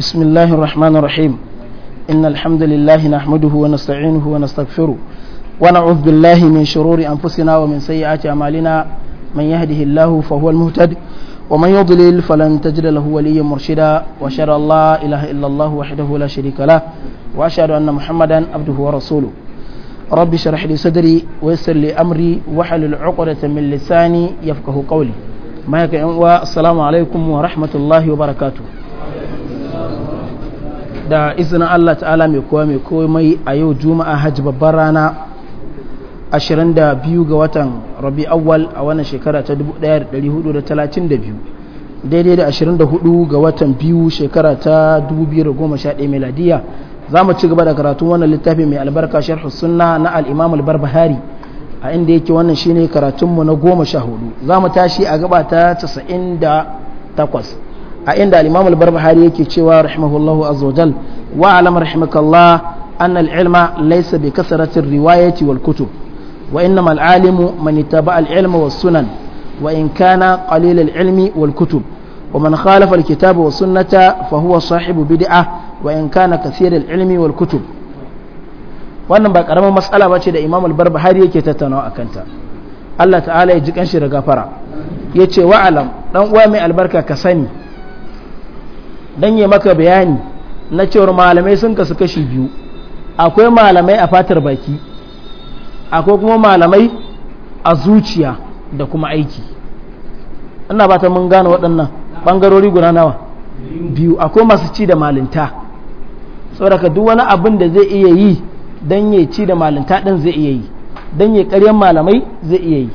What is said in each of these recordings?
بسم الله الرحمن الرحيم إن الحمد لله نحمده ونستعينه ونستغفره ونعوذ بالله من شرور أنفسنا ومن سيئات أعمالنا من يهده الله فهو المهتد ومن يضلل فلن تجد له وليا مرشدا وأشهد أن لا إله إلا الله وحده لا شريك له وأشهد أن محمدا عبده ورسوله رب اشرح لي صدري ويسر لي أمري واحلل عقدة من لساني يفقه قولي ما السلام عليكم ورحمة الله وبركاته da izinin Allah ta'ala mai kowa mai mai a yau juma'a hajji babbar rana 22 ga watan rabi awwal a wannan shekara ta 1432 daidai da 24 ga watan biyu shekara ta 2011 meladiya za mu ci gaba da karatun wannan littafi mai albarka sharh sunna na al-imam al-barbahari a inda yake wannan shine karatunmu na goma sha hudu za mu tashi a gaba ta 98 a inda al barbahari yake cewa rahimahullahu azwajal wa alam rahimakallah an al-ilma laysa bi kasratir riwayati wal kutub wa innama al-alimu man ittaba al-ilma was sunan wa in kana qalil al-ilmi wal kutub ومن خالف الكتاب والسنة فهو صاحب بدعة وإن كان كثير العلم والكتب wannan ba karamar matsala ba ce da imam al-barbahari yake tattaunawa a Allah ta'ala ya ji kanshi da gafara ya ce wa'alam dan uwa mai albarka ka sani dan ya maka bayani na cewar malamai sun kasu kashi biyu akwai malamai a fatar baki akwai kuma malamai a zuciya da kuma aiki ina ba ta mun gane waɗannan ɓangarori guda nawa biyu akwai masu ci da malinta saboda duk wani abin da zai iya yi don ya ci da malinta ɗin zai iya yi don ya ƙaryan malamai zai iya yi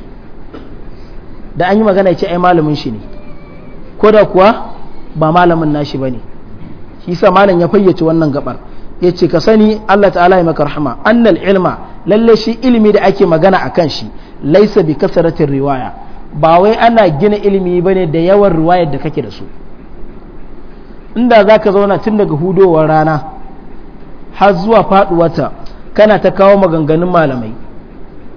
da an yi magana ya ce ai malamin shi ne ko da kuwa ba malamin nashi bane shi yasa malam ya fayyace wannan gabar yace ka sani Allah ta'ala ya maka rahama annal ilma lalle shi ilimi da ake magana akan shi laisa bi kasaratin riwaya ba wai ana gina ilimi bane da yawan riwayar da kake da su inda zaka zauna tun daga hudowar rana har zuwa faduwata kana ta kawo maganganun malamai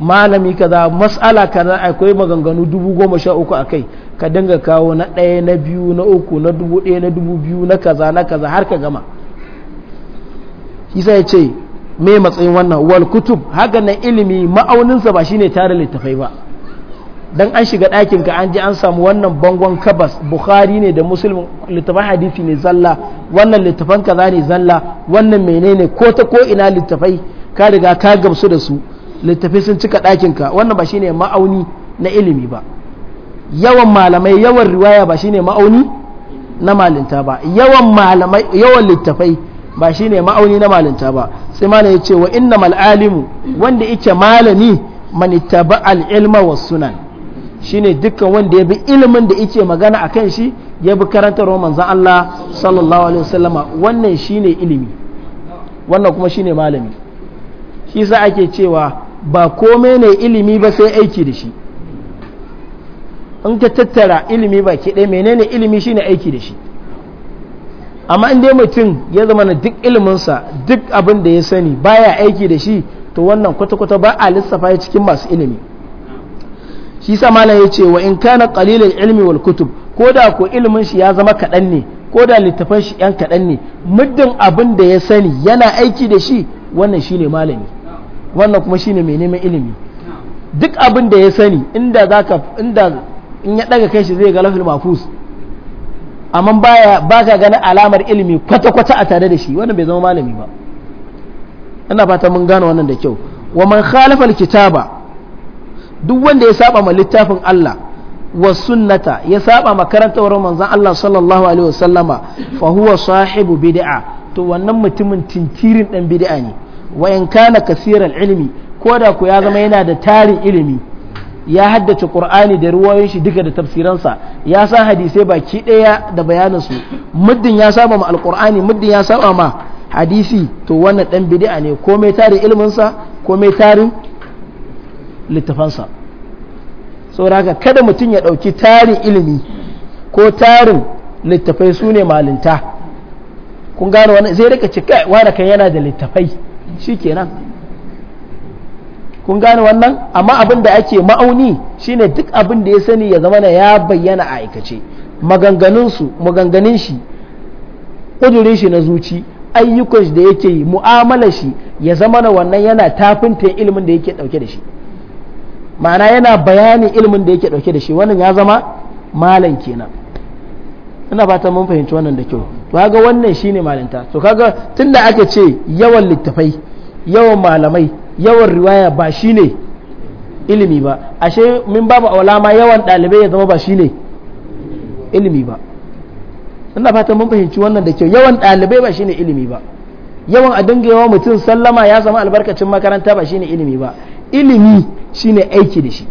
malami kaza mas'ala kaza akwai maganganu dubu goma sha uku a kai ka dinga kawo na ɗaya na biyu na uku na dubu ɗaya na dubu biyu na kaza na kaza har ka gama isa ya ce me matsayin wannan wal kutub haka na ilimi ma'auninsa ba shine tare littafai ba dan an shiga ɗakin ka an ji an samu wannan bangon kabas bukhari ne da musulmi littafan hadisi ne zalla wannan littafan kaza ne zalla wannan menene ko ta ko ina littafai ka riga ka gamsu da su littafi sun cika ɗakinka wannan ba shine ma'auni na ilimi ba yawan malamai yawan riwaya ba shine ma'auni na malinta ba yawan malamai yawan littafai ba shine ma'auni na malinta ba sai malam ya ce wa innamal alimu wanda yake malami man ittaba al ilma was sunan shine dukkan wanda ya bi ilimin da yake magana akan shi ya bi Roman manzon Allah sallallahu alaihi wasallama wannan shine ilimi wannan kuma shine malami shi sa ake cewa ba komai ne ilimi ba sai aiki da shi in ka tattara ilimi ba ke ɗaya menene ilimi shi ne aiki da shi amma in dai mutum ya zama na duk iliminsa duk abin da ya sani baya aiki da shi to wannan kwata-kwata ba a lissafa cikin masu ilimi shi sama na ya ce wa in kana qalilal ilimi wal kutub ko da ko ilimin shi ya zama kaɗan ne ko da littafan shi yan kaɗan ne muddin abin da ya sani yana aiki da shi wannan shi ne malami wannan kuma shine mai neman ilimi duk abin da ya sani inda zaka inda in ya daga kai shi zai ga lafil mafus amma baya baka ganin alamar ilimi kwata kwata a tare da shi wannan bai zama malami ba ina fata mun gane wannan da kyau wa man khalafa alkitaba duk wanda ya saba ma littafin Allah wa sunnata ya saba ma karantawar manzon Allah sallallahu alaihi wasallama fa huwa sahibu bid'a to wannan mutumin tinkirin dan bid'a ne wa in kana kasiran ilimi ko da ku ya zama yana da tarin ilimi ya haddace qur'ani da ruwayoyin shi duka da tafsiransa ya san hadisai baki daya da bayanin su muddin ya saba ma alqur'ani muddin ya saba ma hadisi to wannan dan bid'a ne komai tarin ilimin sa komai tarin littafansa saboda kada mutum ya dauki tarin ilimi ko tarin littafai su ne malinta kun gano wani zai rika cika wani kan yana da littafai shi kenan kun gane wannan amma abin da ake ma'auni shine duk abin da ya sani ya zama na ya bayyana a aikace maganganunsu maganganin shi ƙudurin shi na zuci ayyukan shi da yake yi mu'amalar shi ya zama na wannan yana tafinta ilimin da yake ɗauke da shi ma'ana yana bayanin ilimin da yake ɗauke da shi wannan ya zama malam kenan ina ba mun fahimci wannan da kyau kaga wannan shine malinta to kaga tunda aka ce yawan littafai yawan malamai yawan riwaya ba shine ilimi ba ashe min babu aula yawan dalibai ya zama ba shine ilimi ba ina fatan mun fahimci wannan da kyau yawan dalibai ba shine ilimi ba yawan a dinga yawan mutum sallama ya samu albarkacin makaranta ba shine ilimi ba ilimi shine aiki da shi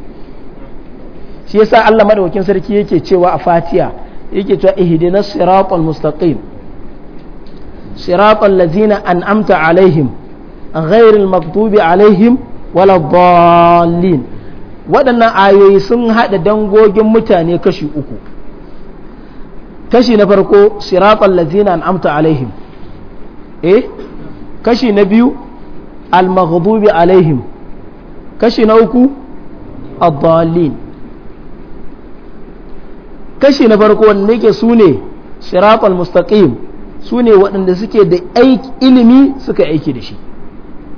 shi yasa Allah madaukakin sarki yake cewa a Fatiha yake cewa ihdina siratal mustaqim siratal ladzina an'amta alaihim ghairil maktubi alaihim wala dallin waɗannan ayoyi sun haɗa dangogin mutane kashi uku kashi na farko siratal ladzina an'amta alaihim eh kashi na biyu al maghdubi alaihim kashi na uku ad-dallin kashi na farko wanda yake su ne siratul mustaqim su ne waɗanda suke da ilimi suka aiki da shi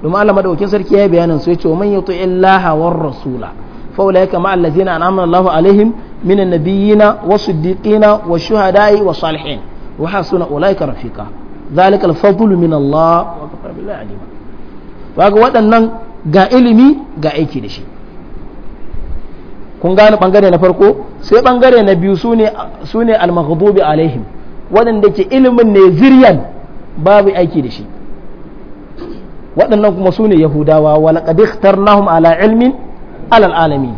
domin Allah madaukakin sarki ya bayanin su ya ce wa man yuti illaha war rasula fa ulaika ma allazina an'ama Allahu alaihim minan nabiyyina was-siddiqina wash-shuhada'i was-salihin wa hasuna ulaika rafiqa zalika al-fadlu min Allah wa kafa billahi alima waɗannan ga ilimi ga aiki da shi kun gane bangare na farko sai bangare na biyu sune sune al-maghdubi alaihim waɗanda ke ilimin ne ziryan babu aiki da shi waɗannan kuma sune yahudawa wa laqad ikhtarnahum ala ilmin alal alamin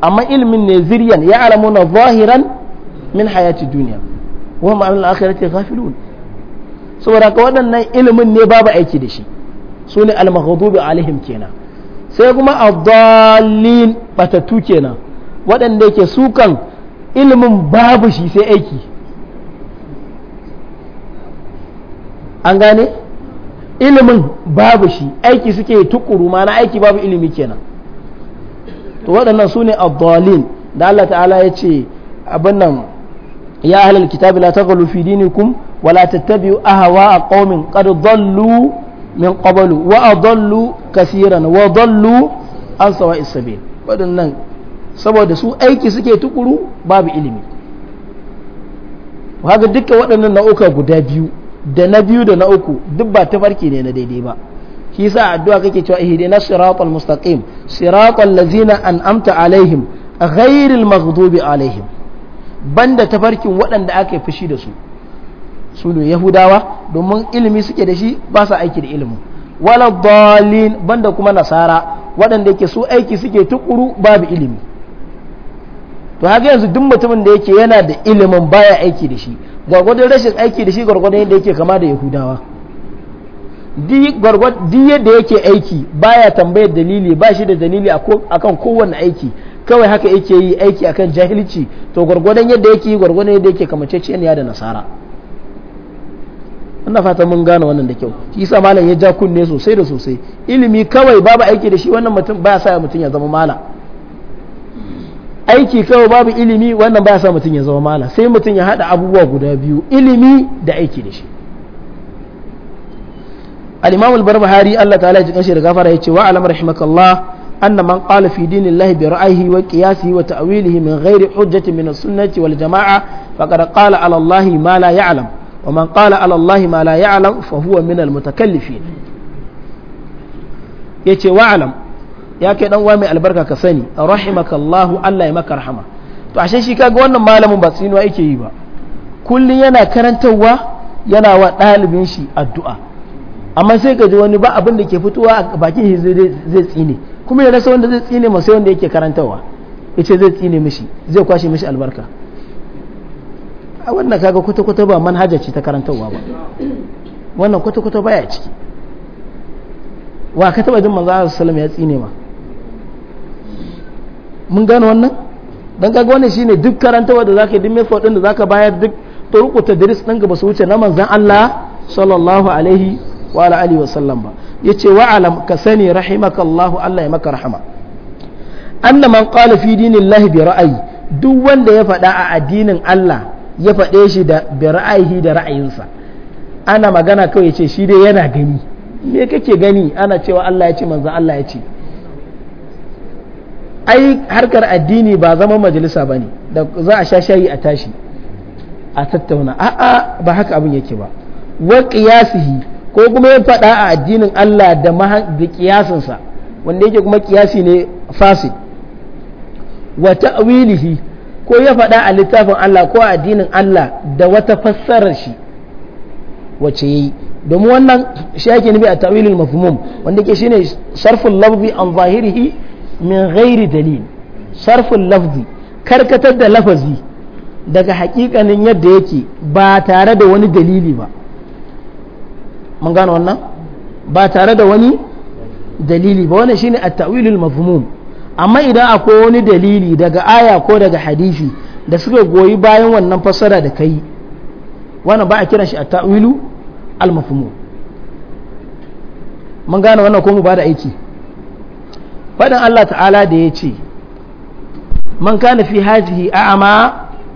amma ilmin ne ziryan ya alamuna zahiran min hayati duniya wa ma al akhirati ghafilun saboda ka waɗannan ilimin ne babu aiki da shi sune al-maghdubi alaihim kenan sai kuma abdallin batattu kenan waɗanda ke sukan ilimin babu shi sai aiki an gane ilimin babu shi aiki suke tukuru ma na aiki babu ilimi kenan to waɗannan su ne abdallin da Allah ta'ala ya ce abin nan ya ahlal kitabi la taghlu fi dinikum wa la tattabi'u ahwa qaumin qad dhallu min qablu wa adallu kasiran wa dallu an sawa isabil waɗannan saboda su aiki suke tukuru babu ilimi haka dukkan waɗannan nau'uka guda biyu da na biyu da na uku duk ba tafarki ne na daidai ba shi yasa addu'a kake cewa ihdina siratal mustaqim siratal ladzina an'amta alaihim ghairil maghdubi alaihim banda tafarkin waɗanda aka yi fushi da su su ne yahudawa domin ilimi suke da shi ba su aiki da ilimin wala dalin banda kuma nasara waɗanda ke su aiki suke tukuru babu ilimi to haka yanzu duk mutumin da yake yana da ilimin baya aiki da shi gwargwadon rashin aiki da shi gwargwadon yadda yake kama da yahudawa di yadda yake aiki baya tambayar dalili ba shi da dalili akan kowane aiki kawai haka yake yi aiki akan jahilci to gwargwadon yadda yake yi gwargwadon yadda yake ya da nasara ina fatan mun gane wannan da kyau shi yasa malam ya ja kunne sosai da sosai ilimi kawai babu aiki da shi wannan mutum ba sa mutum ya zama malam aiki kawai babu ilimi wannan ba sa mutum ya zama malam sai mutum ya hada abubuwa guda biyu ilimi da aiki da shi al-imam al-barbahari Allah ta'ala ya jikan shi da gafara yace wa alam rahimakallah anna man qala fi dinillahi bi ra'yihi wa qiyasihi wa ta'wilihi min ghairi hujjatin min as-sunnati wal jama'a faqad qala ala Allah ma la ya'lam wa man qala ala allahi ma la ya'lam fa huwa min al mutakallifin yace wa'lam ya kai dan uwa mai albarka ka sani rahimakallahu Allah ya maka rahama to ashe shi kaga wannan malamin ba tsinuwa yake yi ba kulli yana karantarwa yana wa ɗalibin shi addu'a amma sai ka ji wani ba abinda da ke fitowa a bakin shi zai tsine kuma ya rasa wanda zai tsine masa wanda yake karantarwa yace zai tsine zai kwashe mashi albarka a wannan kaga kwata-kwata ba manhaja ce ta karantarwa ba wannan kwata-kwata ba ya ciki wa ka taba jin manzo salama ya tsine ma mun gano wannan don kaga wannan shine duk karantarwa da zaka yi duk method din da zaka bayar duk rukuta diris din ga basu wuce na manzan Allah sallallahu alaihi wa alihi wa sallam ba yace wa alam ka sani rahimakallahu Allah ya maka rahama anna qala fi dinillahi bi ra'ayi duk wanda ya faɗa a addinin Allah ya faɗe shi da ra'ayi da ra'ayinsa ana magana kawai ce shi dai yana gani me kake gani ana cewa Allah ya ce manzo Allah ya ce ai harkar addini ba zama majalisa bane da za a sha shayi a tashi a tattauna a'a ba haka abin yake ba wa qiyasihi ko kuma ya faɗa a addinin Allah da da kiyasinsa wanda yake kuma kiyasi ne fasid wa ta'wilihi ko ya faɗa a littafin Allah ko a addinin Allah da wata fassarar shi wace yayi domin wannan shi ake nufi a tawilul mafhumum wanda ke shine sarful lafzi an zahirihi min ghairi dalil sarful lafzi karkatar da lafazi daga hakikanin yadda yake ba tare da wani dalili ba mun gano wannan ba tare da wani dalili ba wannan shine at-tawilul mafhumum amma idan akwai wani dalili daga aya ko daga hadisi da suka goyi bayan wannan fassara da kai wannan ba a kiran shi a ta'wilu al mafhumu mun gane wannan ko mu ba aiki fadin Allah ta'ala da ya ce man kana fi hajihi a'ama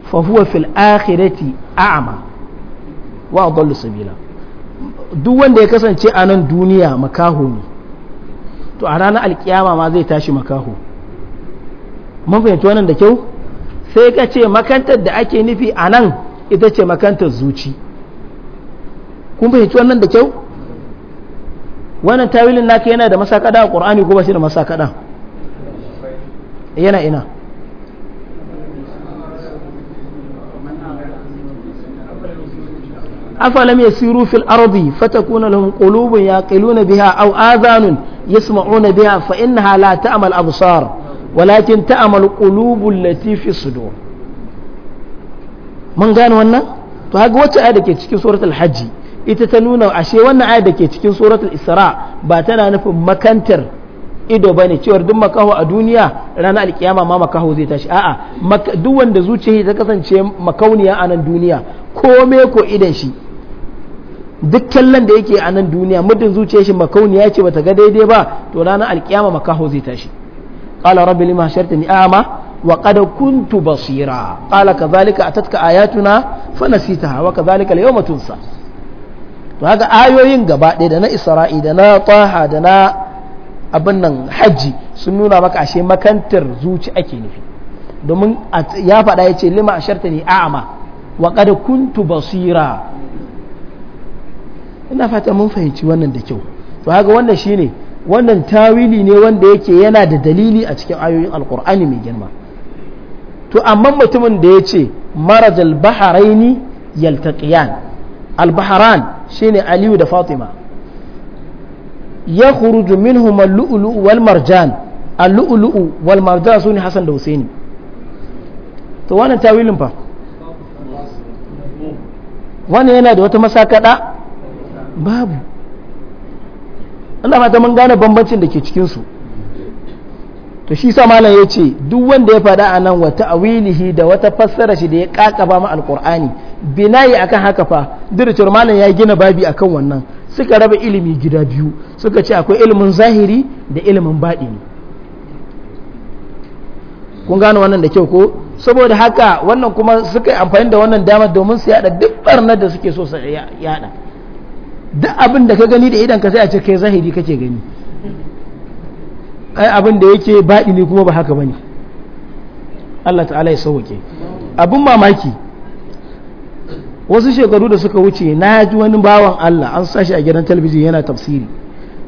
fa huwa fil akhirati a'ama wa adallu sabila duk wanda ya kasance a nan duniya makaho ne to a ranar alkiyama ma zai tashi makaho mun fahimci wannan da kyau sai ka ce makantar da ake nufi a nan ita ce makantar zuci kun fahimci wannan da kyau wannan tawilin naka yana da masakada a ƙorani ko ba shi da masakada yana ina أفلم يسيروا في الأرض lahum qulubun قلوب biha aw أو yasma'una biha fa innaha la ta'mal absar walakin ta qulubul lati fi sudur mun gane wannan to haka wacce aya dake cikin suratul hajji ita ta nuna ashe wannan aya ke cikin suratul isra ba tana nufin makantar ido ba ne cewar duk makaho a duniya ranar alkiyama ma makaho zai tashi a'a duk wanda zuciya ta kasance makauniya a nan duniya kome ko idan shi duk kallon da yake a nan duniya muddin zuciya shi makauniya ce bata ga daidai ba to ranar alkiyama makaho zai tashi qala rabbi lima hashartani a'ma wa qad kuntu basira qala kadhalika atatka ayatuna fa nasitaha wa kadhalika al-yawma tunsa to haka ayoyin gaba ɗaya da na isra'i da na taha da na abin nan hajji sun nuna maka ashe makantar zuci ake nufi domin ya faɗa yace ce lima asharta ni a'ama wa qad kuntu basira ina fata mun fahimci wannan da kyau to haka wannan shine wannan tawili ne wanda yake yana da dalili a cikin ayoyin alkur'ani mai girma to amma mutumin da ya ce maraj albaharaini yaltaqiyan albaharan shine aliyu da fatima ya khuruju minhum al-lu'lu' wal marjan al-lu'lu' wal marjan sune hasan da husaini to wannan tawilin fa wannan yana da wata masakada babu Allah fata mun gane bambancin da ke cikin su to shi sa malam ya ce duk wanda ya faɗa a nan wata awilihi da wata fassara shi da ya ba ma alqur'ani binayi akan haka fa dircewar malam ya gina babi akan wannan suka raba ilimi gida biyu suka ce akwai ilimin zahiri da ilimin baɗini kun gane wannan da kyau ko saboda haka wannan kuma suka yi amfani da wannan damar domin su yada duk barnar da suke so su yada duk abin da ka gani da idan ka sai a ce kai zahiri kake gani ai abin da yake ne kuma ba haka bane Allah ta'ala ya sauke abin mamaki wasu shekaru da suka wuce na ji wani bawan Allah an sashi a gidan talabijin yana tafsiri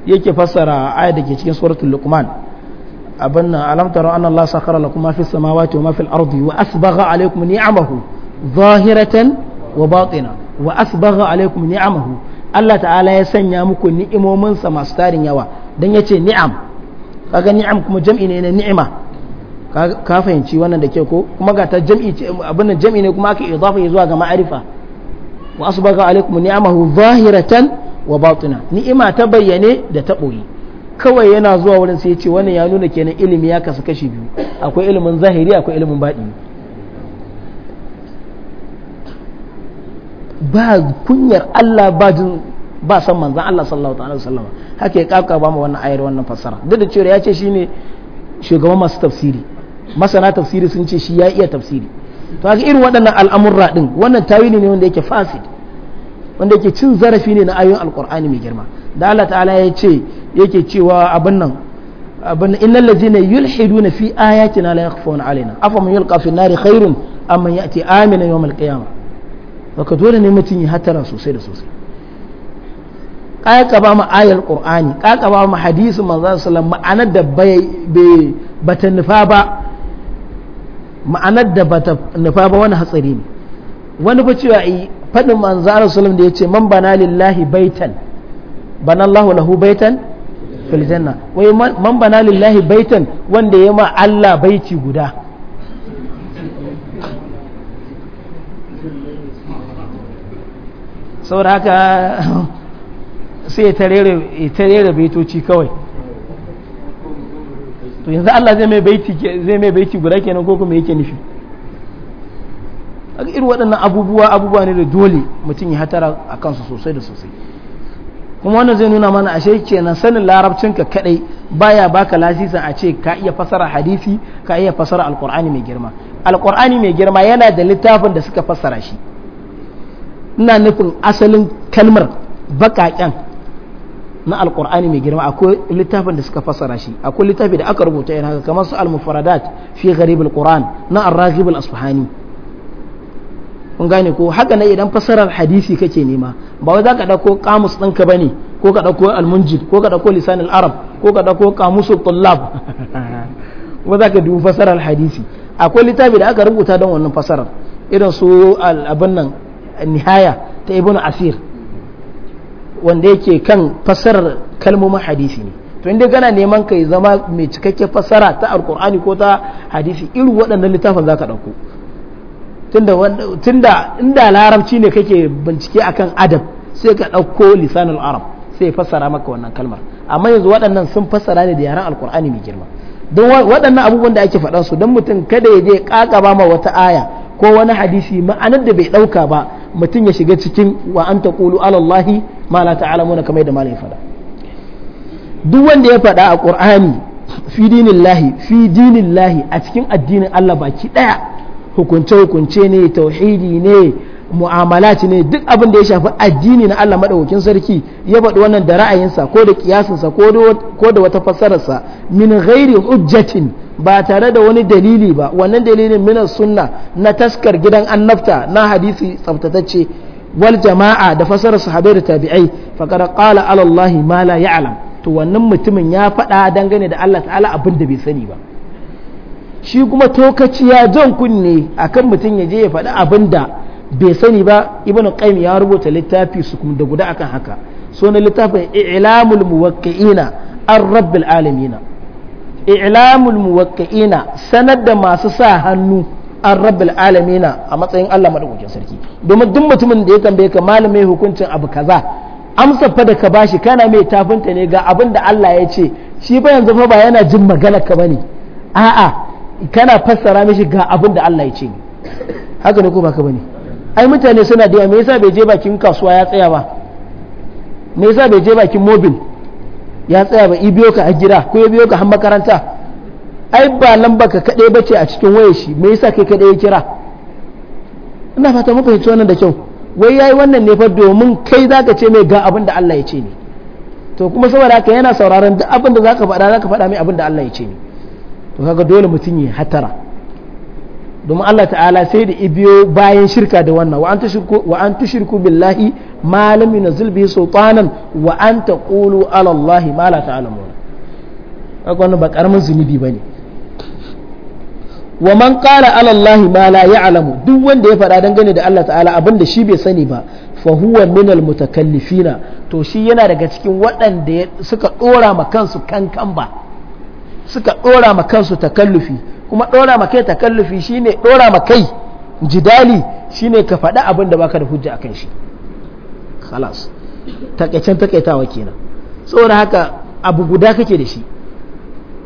yake fassara ayat da ke cikin suratul luqman abin nan alam tara anna Allah sakhara lakum ma fis samawati wa ma fil ardi wa asbagha alaykum ni'amahu zahiratan wa batina wa asbagha alaykum ni'amahu Allah ta'ala ya sanya muku ni'imominsa masu tarin yawa don ya ce ni'am kaga ni'am kuma jam'i ne na ni'ima ka fahimci wannan da ke ko kuma ga ta jam'i abin nan jam'i ne kuma aka idafa zuwa ga ma'arifa wa asbaka alaikum ni'amahu zahiratan wa batina ni'ima ta bayyane da ta boye kawai yana zuwa wurin sai ya ce wannan ya nuna kenan ilimi ya kasu kashi biyu akwai ilimin zahiri akwai ilimin baɗi. ba kunyar Allah ba jin ba san manzan Allah sallallahu wa sallama haka ya kaka ba mu wannan ayar wannan fassara duk da cewa ya ce shi ne shugaban masu tafsiri masana tafsiri sun ce shi ya iya tafsiri to haka irin waɗannan al'amurra din wannan tawili ne wanda yake fasid wanda yake cin zarafi ne na ayoyin alqur'ani mai girma da Allah ta'ala ya ce yake cewa abin nan abin innal ladzina yulhiduna fi ayatina la yakhfuna alaina afa man yulqa fi nari khairun amman ya'ti amina yawmal qiyamah baka dole ne mutum ya hatara sosai da sosai ƙaƙaba ma ayar ƙur'ani ƙaƙaba ma hadisin manzo sallam ma'anar da bai bata nufa ba ma'anar da bata nufa ba wani hatsari ne wani ba cewa yi faɗin manzo sallam da yace man bana lillahi baitan bana Allahu lahu baitan fil janna wai man bana lillahi baitan wanda ya ma Allah baiti guda saboda haka sai ya tarera baitoci kawai to yanzu Allah zai mai baiti guda kenan ko kuma yake nufi irin waɗannan abubuwa abubuwa ne da dole mutum ya hatara a kansu sosai da sosai kuma wannan zai nuna mana ashe kenan sanin larabcinka kadai baya baka lasisin a ce ka iya fasara hadisi ka iya fasara alkur'ani mai girma alkur'ani mai girma yana da littafin da suka fassara shi ina nufin asalin kalmar baƙaƙen na alƙur'ani mai girma akwai littafin da suka fasara shi akwai littafi da aka rubuta yana haka kamar su al-mufaradat fi gharib al-qur'an na ar-raghib al-asfahani kun gane ko haka ne idan fasarar hadisi kake nema ba wai zaka dauko kamus ɗinka bane ko ka dauko al-munjid ko ka dauko lisan al-arab ko ka dauko kamusu tullab ba zaka dubi fasarar hadisi akwai littafi da aka rubuta don wannan fassarar irin su al-abin nan nihaya ta ibn asir wanda yake kan fasarar kalmomin hadisi ne to inda gana neman kai zama mai cikakke fasara ta alkur'ani ko ta hadisi irin waɗannan littafin za ka ɗauko tunda inda larabci ne kake bincike akan adab sai ka ɗauko lisanin arab sai fasara maka wannan kalmar amma yanzu waɗannan sun fasara ne da yaren alkur'ani mai girma don waɗannan abubuwan da ake faɗansu don mutum kada ya je ƙaƙaba ma wata aya ko wani hadisi ma'anar da bai ɗauka ba mutum ya shiga cikin wa an ta ƙulu alallahi ma la ta'ala kamar da malai faɗa duk wanda ya faɗa a ƙur'ani fi lahi fi lahi a cikin addinin Allah baki ɗaya hukunce hukunce ne tauhidi ne mu'amala ne duk abin da ya shafi addini na Allah madaukakin sarki ya faɗi wannan da ra'ayinsa ko da kiyasinsa ko da wata fassararsa min ghairi hujjatin ba tare da wani dalili ba wannan dalilin min sunna na taskar gidan annabta na hadisi tsaftatacce wal jama'a da fassarar sahabbai da tabi'ai faqad qala ala Allah ma la ya'lam to wannan mutumin ya faɗa dangane da Allah ta'ala abin da bai sani ba shi kuma tokaci ya jan kunne akan mutum ya je ya faɗi abin da bai sani ba ibn qayyim ya rubuta littafi su da guda akan haka sunan littafin i'lamul muwaqqi'ina an rabbil alamin i'lamul muwaqqi'ina sanar da masu sa hannu an rabbil alamin a matsayin Allah madaukakin sarki domin duk mutumin da ya tambaye ka malamai hukuncin abu kaza amsa fa da ka bashi kana mai tafinta ne ga abin da Allah ya ce shi ba yanzu fa ba yana jin magana ka bane a'a kana fassara mishi ga abin da Allah ya ce haka ne ko ba ka bane ai mutane suna da yawa me yasa bai je bakin kasuwa ya tsaya ba me yasa bai je bakin mobil ya tsaya ba i biyo ka a gida ko ya biyo ka har makaranta ai ba lamba ka ba bace a cikin wayar shi me yasa kai kade ya kira ina fata mu fahimci wannan da kyau wai yayi wannan ne fa domin kai zaka ce mai ga abin da Allah ya ce ne to kuma saboda haka yana sauraron duk abin da zaka faɗa zaka faɗa mai abin da Allah ya ce ne to kaga dole mutum ya hatara domin Allah ta'ala sai da ibiyo bayan shirka da wannan wa an tushirku billahi ma lam yunzil bihi sultanan wa an taqulu ala Allah ma la ta'lamun wannan ba karamin zunubi bane wa man qala ala mala ma la duk wanda ya faɗa dangane da Allah ta'ala abin da shi bai sani ba fa huwa min al mutakallifina to shi yana daga cikin waɗanda suka dora ma kansu kankan ba suka dora ma kansu takallufi kuma ɗora ma kai takallufi shine ɗora ma kai jidali shine ka faɗi abin da baka da hujja akan shi khalas takaicen takaitawa kenan saboda haka abu guda kake da shi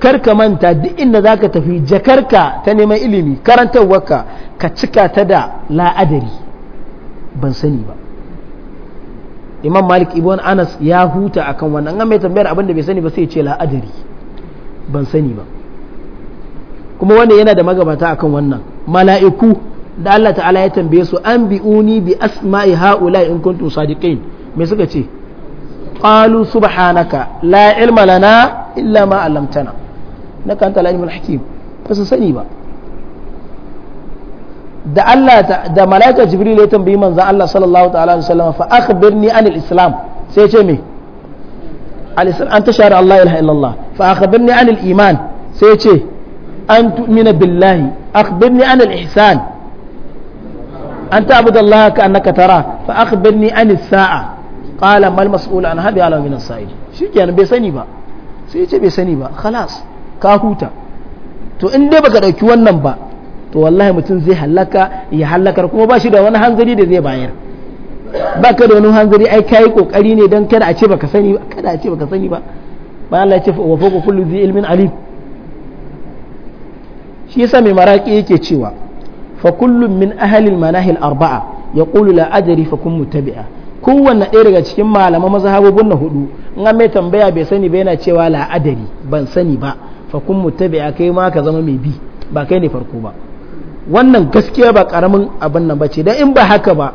kar ka manta duk inda zaka tafi jakarka ta neman ilimi karantarwarka ka cika ta da la'adari ban sani ba imam malik ibn anas ya huta akan wannan an mai tambayar abin da bai sani ba sai ya ce la'adari ban sani ba kuma wannan yana da magabata akan wannan mala'iku da Allah ta'ala ya tambaye su an bi'uni bi asma'i ha'ula in kuntum sadiqin me suka ce qalu subhanaka la ilma lana illa ma 'allamtana naka anta al-alimul hakim ba su sani ba da Allah da malaika jibril ya tambayi manzon Allah sallallahu ta'ala alaihi wasallam fa akhbirni anil islam sai ce me al-islam an tashhadu Allah ilaha illallah fa akhbirni anil iman sai ce an tu'mina billahi akhbirni an al-ihsan an ta'budu Allah ka annaka tara fa akhbirni an as-sa'a qala mal mas'ul an hadi ala min as-sa'il shikenan bai sani ba sai ce bai sani ba khalas ka huta to in dai baka ɗauki wannan ba to wallahi mutum zai halaka ya halakar kuma ba shi da wani hanzari da zai bayar ba ka da wani hanzari ai kayi kokari ne don kada a ce baka sani ba kada a ce baka sani ba bayan ce wa ilmin shi yasa mai maraki yake cewa fa kullum min ahalil manahil arba'a ya qulu la adri fa kun muttabi'a kowanne ɗaya daga cikin malaman mazhabobin na hudu in an mai tambaya bai sani ba yana cewa la adri ban sani ba fa kun muttabi'a kai ma ka zama mai bi ba kai ne farko ba wannan gaskiya ba karamin abin nan bace dan in ba haka ba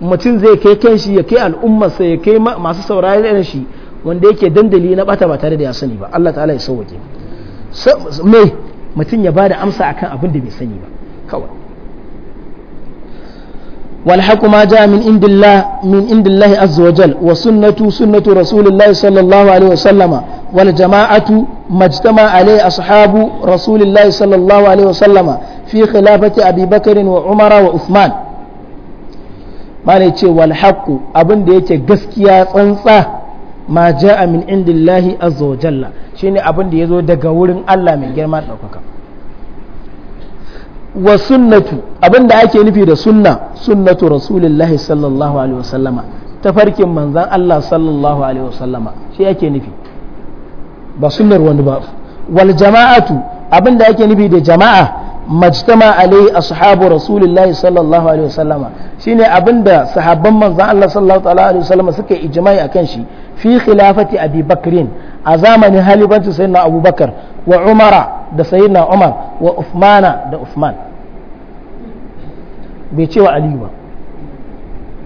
mutum zai kai kanshi ya kai al'ummarsa ya kai masu saurari shi wanda yake dandali na bata ba tare da ya sani ba Allah ta'ala ya sauwake mutum ya bada amsa akan abin da bai sani ba kawai والحق ما جاء من عند الله من عند الله عز وجل وسنة سنة رسول الله صلى الله عليه وسلم والجماعة ما اجتمع عليه أصحاب رسول الله صلى الله عليه وسلم في خلافة أبي بكر وعمر وعثمان ما نيتي والحق أبن ديتي قسكيا صنصة ma ja'a min indillahi azza wa jalla shine abin da yazo daga wurin Allah mai girma daukaka wa sunnatu abin da ake nufi da sunna sunnatu rasulillahi sallallahu alaihi wasallama tafarkin manzan Allah sallallahu alaihi wasallama shi ake nufi ba sunnar wani ba wal jama'atu abin da ake nufi da jama'a majtama alai ashabu rasulillahi sallallahu alaihi wasallama shine abin da sahabban manzan Allah sallallahu alaihi wasallama suka ijma'i akan shi fi khilafati abi bakrin a zamanin halibancin sayyidina abubakar wa umara da sayyidina umar wa uthmana da uthman bai wa aliyu ba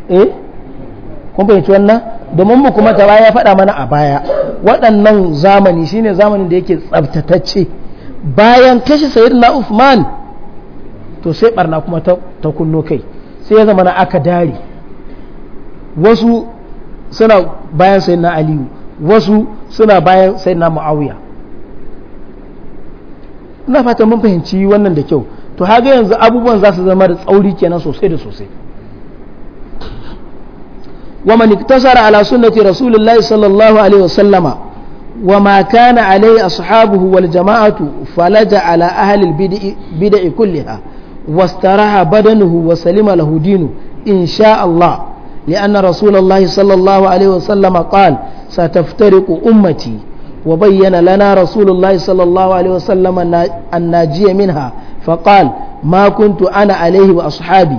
eh kun fahimci wannan domin mu kuma baya ya faɗa mana a baya waɗannan zamani shine zamanin da yake tsabtatacce bayan kashe sayyidina uthman to sai barna kuma ta kunno kai sai ya zama na aka dare wasu suna bayan sai na aliyu wasu suna bayan sai na ma'awuya na fata mun fahimci wannan da kyau to haga yanzu abubuwan za su zama da tsauri kenan sosai da sosai wa man iktasara ala sunnati rasulillahi sallallahu alaihi wasallama wa ma kana alaihi ashabuhu wal jama'atu falaja ala ahli al bid'i kulliha wastaraha badanuhu wa salima lahu dinu insha Allah لأن رسول الله صلى الله عليه وسلم قال ستفترق أمتي وبين لنا رسول الله صلى الله عليه وسلم الناجية منها فقال ما كنت أنا عليه وأصحابي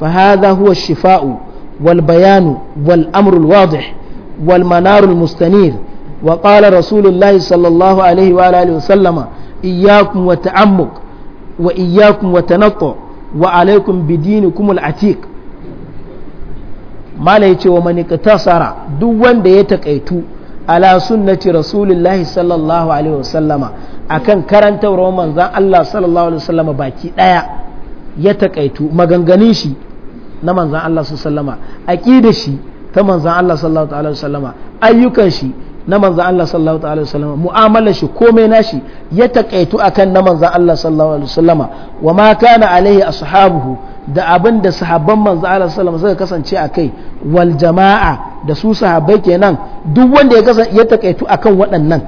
فهذا هو الشفاء والبيان والأمر الواضح والمنار المستنير وقال رسول الله صلى الله عليه وآله وسلم إياكم وتعمق وإياكم وتنطع وعليكم بدينكم العتيق mala ya ce wa mani tasara duk wanda ya taƙaitu ala sunnati rasulullahi sallallahu alaihi wasallama akan karantarwa manzan Allah sallallahu alaihi wasallama baki daya ya taƙaitu maganganin shi na manzan Allah sallallahu sallama aqida shi ta manzan Allah sallallahu alaihi wasallama ayyukan shi na manzan Allah sallallahu alaihi wasallama mu'amalar shi komai nashi ya takaitu akan na manzan Allah sallallahu alaihi wasallama wa ma kana alaihi ashabuhu da abin da sahabban manzo Allah sallallahu alaihi wasallam suka kasance akai wal jama'a da su sahabbai kenan duk wanda ya kasance ya takaitu akan waɗannan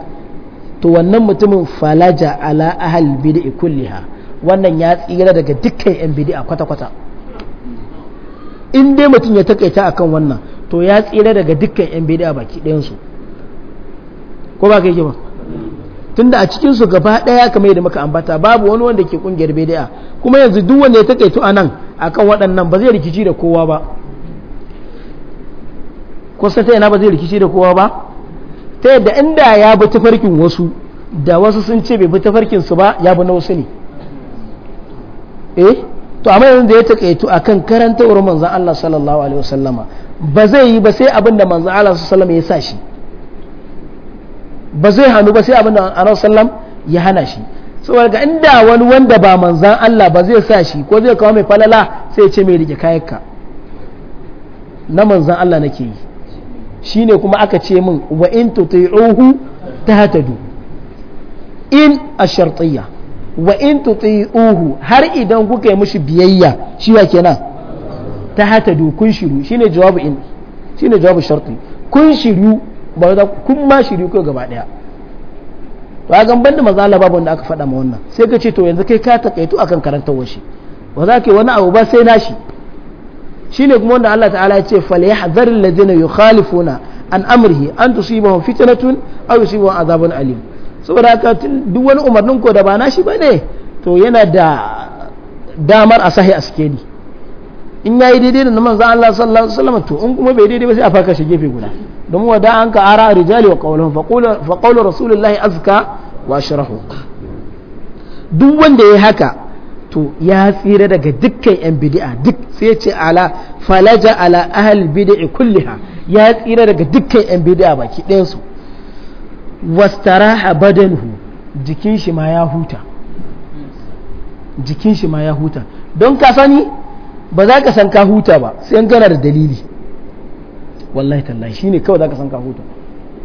to wannan mutumin falaja ala ahal bid'i kulliha wannan ya tsira daga dukkan yan bid'a kwata kwata in dai mutum ya takaita akan wannan to ya tsira daga dukkan yan bid'a baki ɗayan su ko ba kai ba tunda a cikin su gaba daya kamar yadda muka ambata babu wani wanda ke kungiyar bid'a kuma yanzu duk wanda ya takaito anan akan waɗannan ba zai rikici da kowa ba ko sai ina ba zai rikici da kowa ba ta yadda inda ya bi tafarkin wasu da wasu sun ce bai bi tafarkin su ba ya bi na wasu ne eh to amma yanzu da ya takaitu akan karantawar manzon Allah sallallahu alaihi wasallama ba zai yi ba sai abin da manzon Allah sallallahu alaihi wasallama ya sa shi ba zai hannu ba sai abin da annabi sallam ya hana shi saboda ga inda wani wanda ba manzan Allah ba zai sa shi ko zai kawo mai falala sai ya ce mai rike kayanka na manzan Allah nake yi shine kuma aka ce min wa in tuti'uhu tahtadu in ashartiyya wa in tuti'uhu har idan kuka yi mishi biyayya shi wa kenan tahtadu kun shiru shine jawabu in shine jawabu sharti kun shiru ba za kun ma shiri ko gaba daya to a ban da mazala babu wanda aka faɗa ma wannan sai ka ce to yanzu kai ka takaitu akan karantar washi ba za ka yi wani abu ba sai nashi shine kuma wanda Allah ta'ala ya ce falyahzar alladhina yukhalifuna an amrihi an tusibahum fitnatun aw yusibahum azabun alim saboda haka duk wani umarnin ko da ba nashi ne to yana da damar a sahi a sikeli in yayi daidai da manzon Allah sallallahu alaihi wasallam to in kuma bai daidai ba sai a faka shi gefe guda domin wada an ka ara rijali wa qawluhum fa qawlu rasulullahi azka wa sharahu duk wanda ya yi haka to ya tsira daga dukkan yan bid'a duk sai ce ala falaja ala ahli bid'i kulliha ya tsira daga dukkan yan bid'a baki ɗayan su wastaraha badanhu jikin shi ma ya huta don ka sani ba za ka san ka huta ba sai in kana da dalili wallahi tallahi shine kawai zaka san ka huta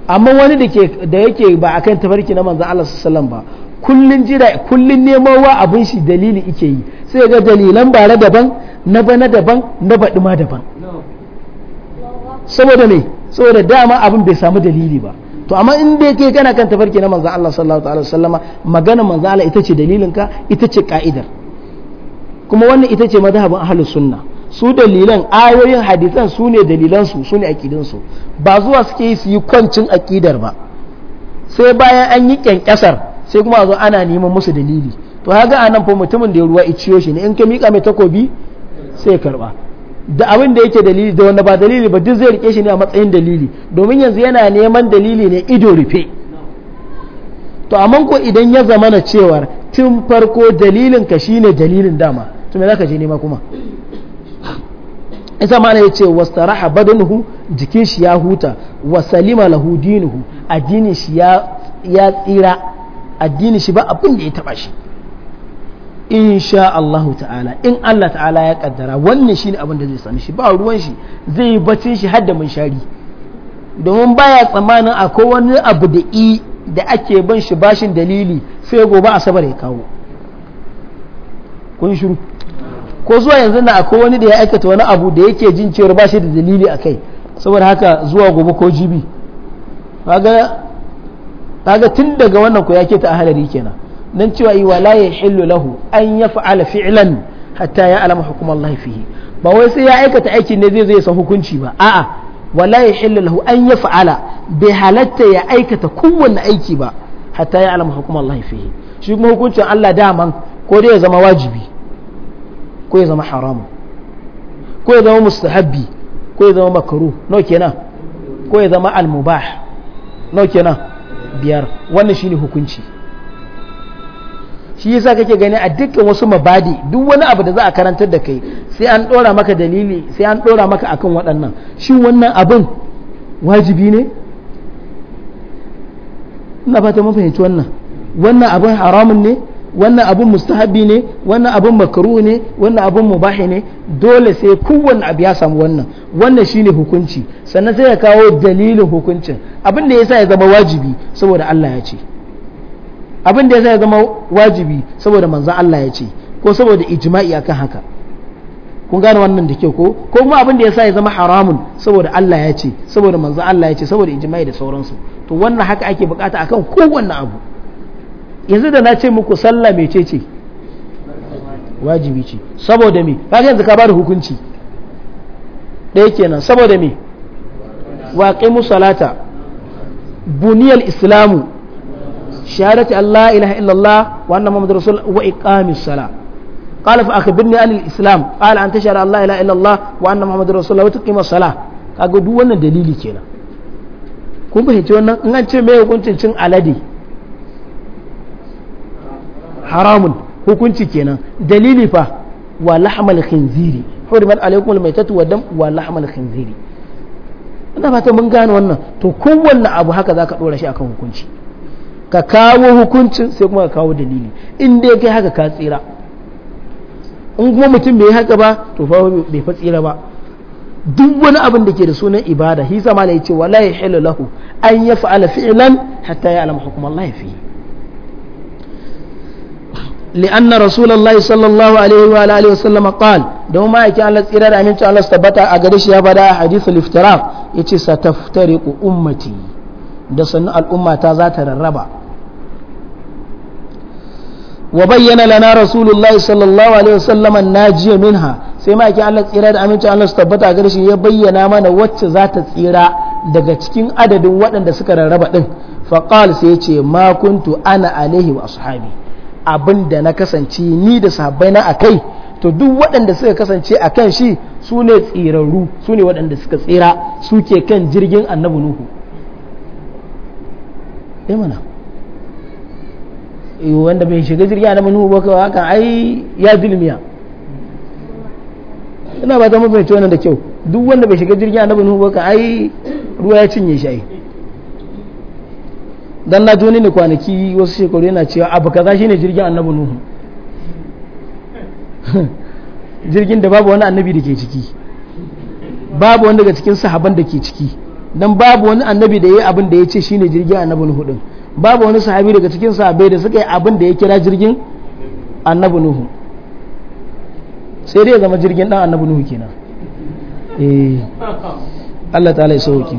amma wani da ke da yake ba akan tafarki na manzo Allah sallallahu ba kullun jira kullun neman wa abin shi dalili ike yi sai ga dalilan bare daban na bana daban na baɗi ma daban saboda me saboda dama abin bai samu dalili ba to amma in dai kai kana kan tafarki na manzo Allah sallallahu alaihi wasallama magana manzo Allah ita ce dalilin ka ita ce ka'idar kuma wannan ita ce madhabin ahlus sunna su dalilan ayoyin hadisan su ne dalilansu su ne akidansu ba zuwa suke yi su yi kwancin akidar ba sai bayan an yi kyankyasar sai kuma a zo ana neman musu dalili to haga a nan fa mutumin da ya ruwa iciyo shi ne in ka miƙa mai takobi sai karɓa. da abin da yake dalili da wanda ba dalili ba duk zai rike shi ne a matsayin dalili domin yanzu yana neman dalili ne ido rufe to amma ko idan ya zamana cewar tun farko dalilin ka shine dalilin dama to me zaka je nema kuma isa mana ya ce wastaraha badanuhu jikin shi ya huta wa salima lahu dinuhu addinin shi ya ya tsira addinin shi ba abin da ya taba shi insha Allah ta'ala in Allah ta'ala ya kaddara wannan shine abin da zai sani shi ba ruwan shi zai bacin shi har da mun shari domin baya tsamanin akwai wani abu da i da ake ban shi bashin dalili sai gobe asabar ya kawo kun shiru ko zuwa yanzu na akwai wani da ya aikata wani abu da yake jin cewar ba shi da dalili a kai saboda haka zuwa gobe ko jibi kaga tun daga wannan ko yake ta ahalari kenan nan cewa yi wala ya hillu lahu an ya fa'ala fi'lan hatta ya alama hukumar Allah fihi ba wai sai ya aikata aikin ne zai zai san hukunci ba a'a wala ya hillu lahu an ya fa'ala bai halatta ya aikata kowanne aiki ba hatta ya alama hukumar Allah fihi shi kuma hukuncin Allah daman ko dai ya zama wajibi ko ya zama haramu ko ya zama mustahabbi ko ya zama makaru no kenan ko ya zama almubah no kenan biyar wannan shine hukunci shi yasa kake gani a dukkan wasu mabadi duk wani abu da za a karantar da kai sai an dora maka dalili sai an dora maka akan waɗannan shi wannan abin wajibi ne ina fata mun fahimci wannan wannan abin haramun ne wannan abun mustahabi ne wannan abun makaru ne wannan abun mubahi ne dole sai kowanne abu ya samu wannan wannan shine hukunci sannan sai ya kawo dalilin hukuncin abin da yasa ya zama wajibi saboda Allah ya ce abin da yasa ya zama wajibi saboda manzon Allah ya ce ko saboda ijma'i akan haka kun gane wannan da kyau ko ko kuma abin da yasa ya zama haramun saboda Allah ya ce saboda manzon Allah ya ce saboda ijma'i da sauransu to wannan haka ake bukata akan kowanne abu yanzu da na ce muku sallah mece ce wajibi ce saboda me kaga yanzu ka bada hukunci ɗaya kenan saboda me waqimu salata buniyal islamu shahadati allah ilaha illallah wa anna muhammadar rasul wa iqamis sala قال فأخبرني عن الإسلام قال أن تشهد أن لا إله إلا الله وأن محمد رسول الله وتقيم الصلاة kaga duk wannan dalili kenan kun fahimci wannan in an ce mai hukuncin cin alade haramun hukunci kenan dalili fa wa lahmal khinziri hurimat alaikum almaitatu wa dam wa lahmal khinziri ina fata mun gane wannan to kowanne abu haka zaka dora shi akan hukunci ka kawo hukuncin sai kuma ka kawo dalili in dai kai haka ka tsira in kuma mutum bai haka ba to fa bai fa tsira ba duk wani abin da ke da sunan ibada hisa ma ya wala ya lahu an ya fa'ala fi'lan hatta ya alama Allah لأن رسول الله صلى الله عليه وعلى آله وسلم قال دوما ما يكي الله تسيرا رأمين تعالى الله استبتع أقريش يبدا حديث الافتراق يتي ستفترق أمتي da sannu al'umma ta za ta rarraba wa bayyana lana rasulullahi sallallahu alaihi wasallam najiya minha sai ma yake Allah tsira da amincin Allah su tabbata ga shi ya bayyana mana wacce za ta tsira daga cikin adadin waɗanda suka rarraba din faqal sai ya ce ma kuntu ana alaihi wa ashabi abin da na kasance ni da sabai na akai to duk waɗanda suka kasance a kan shi su ne tsirarru su ne waɗanda suka tsira suke kan jirgin annabi nuhu ɗai eh mana eh, wanda bai shiga jirgin annabi nuhu baka kawai hakan ai ya dulmiya ina ba ta mafi wannan da kyau duk wanda bai shiga jirgin annabi nuhu baka ai ruwa ya cinye shi ai dan na joni ne kwanaki wasu shekaru yana cewa abu kaza shine jirgin annabi nuhu jirgin da babu wani annabi da ke ciki babu wani daga cikin sahaban da ke ciki dan babu wani annabi da yayi abin da ya ce shine jirgin annabi nuhu din babu wani sahabi daga cikin sahabbai da suka yi abin da ya kira jirgin annabi nuhu sai dai ya zama jirgin dan annabi nuhu kenan eh Allah ta'ala ya sauke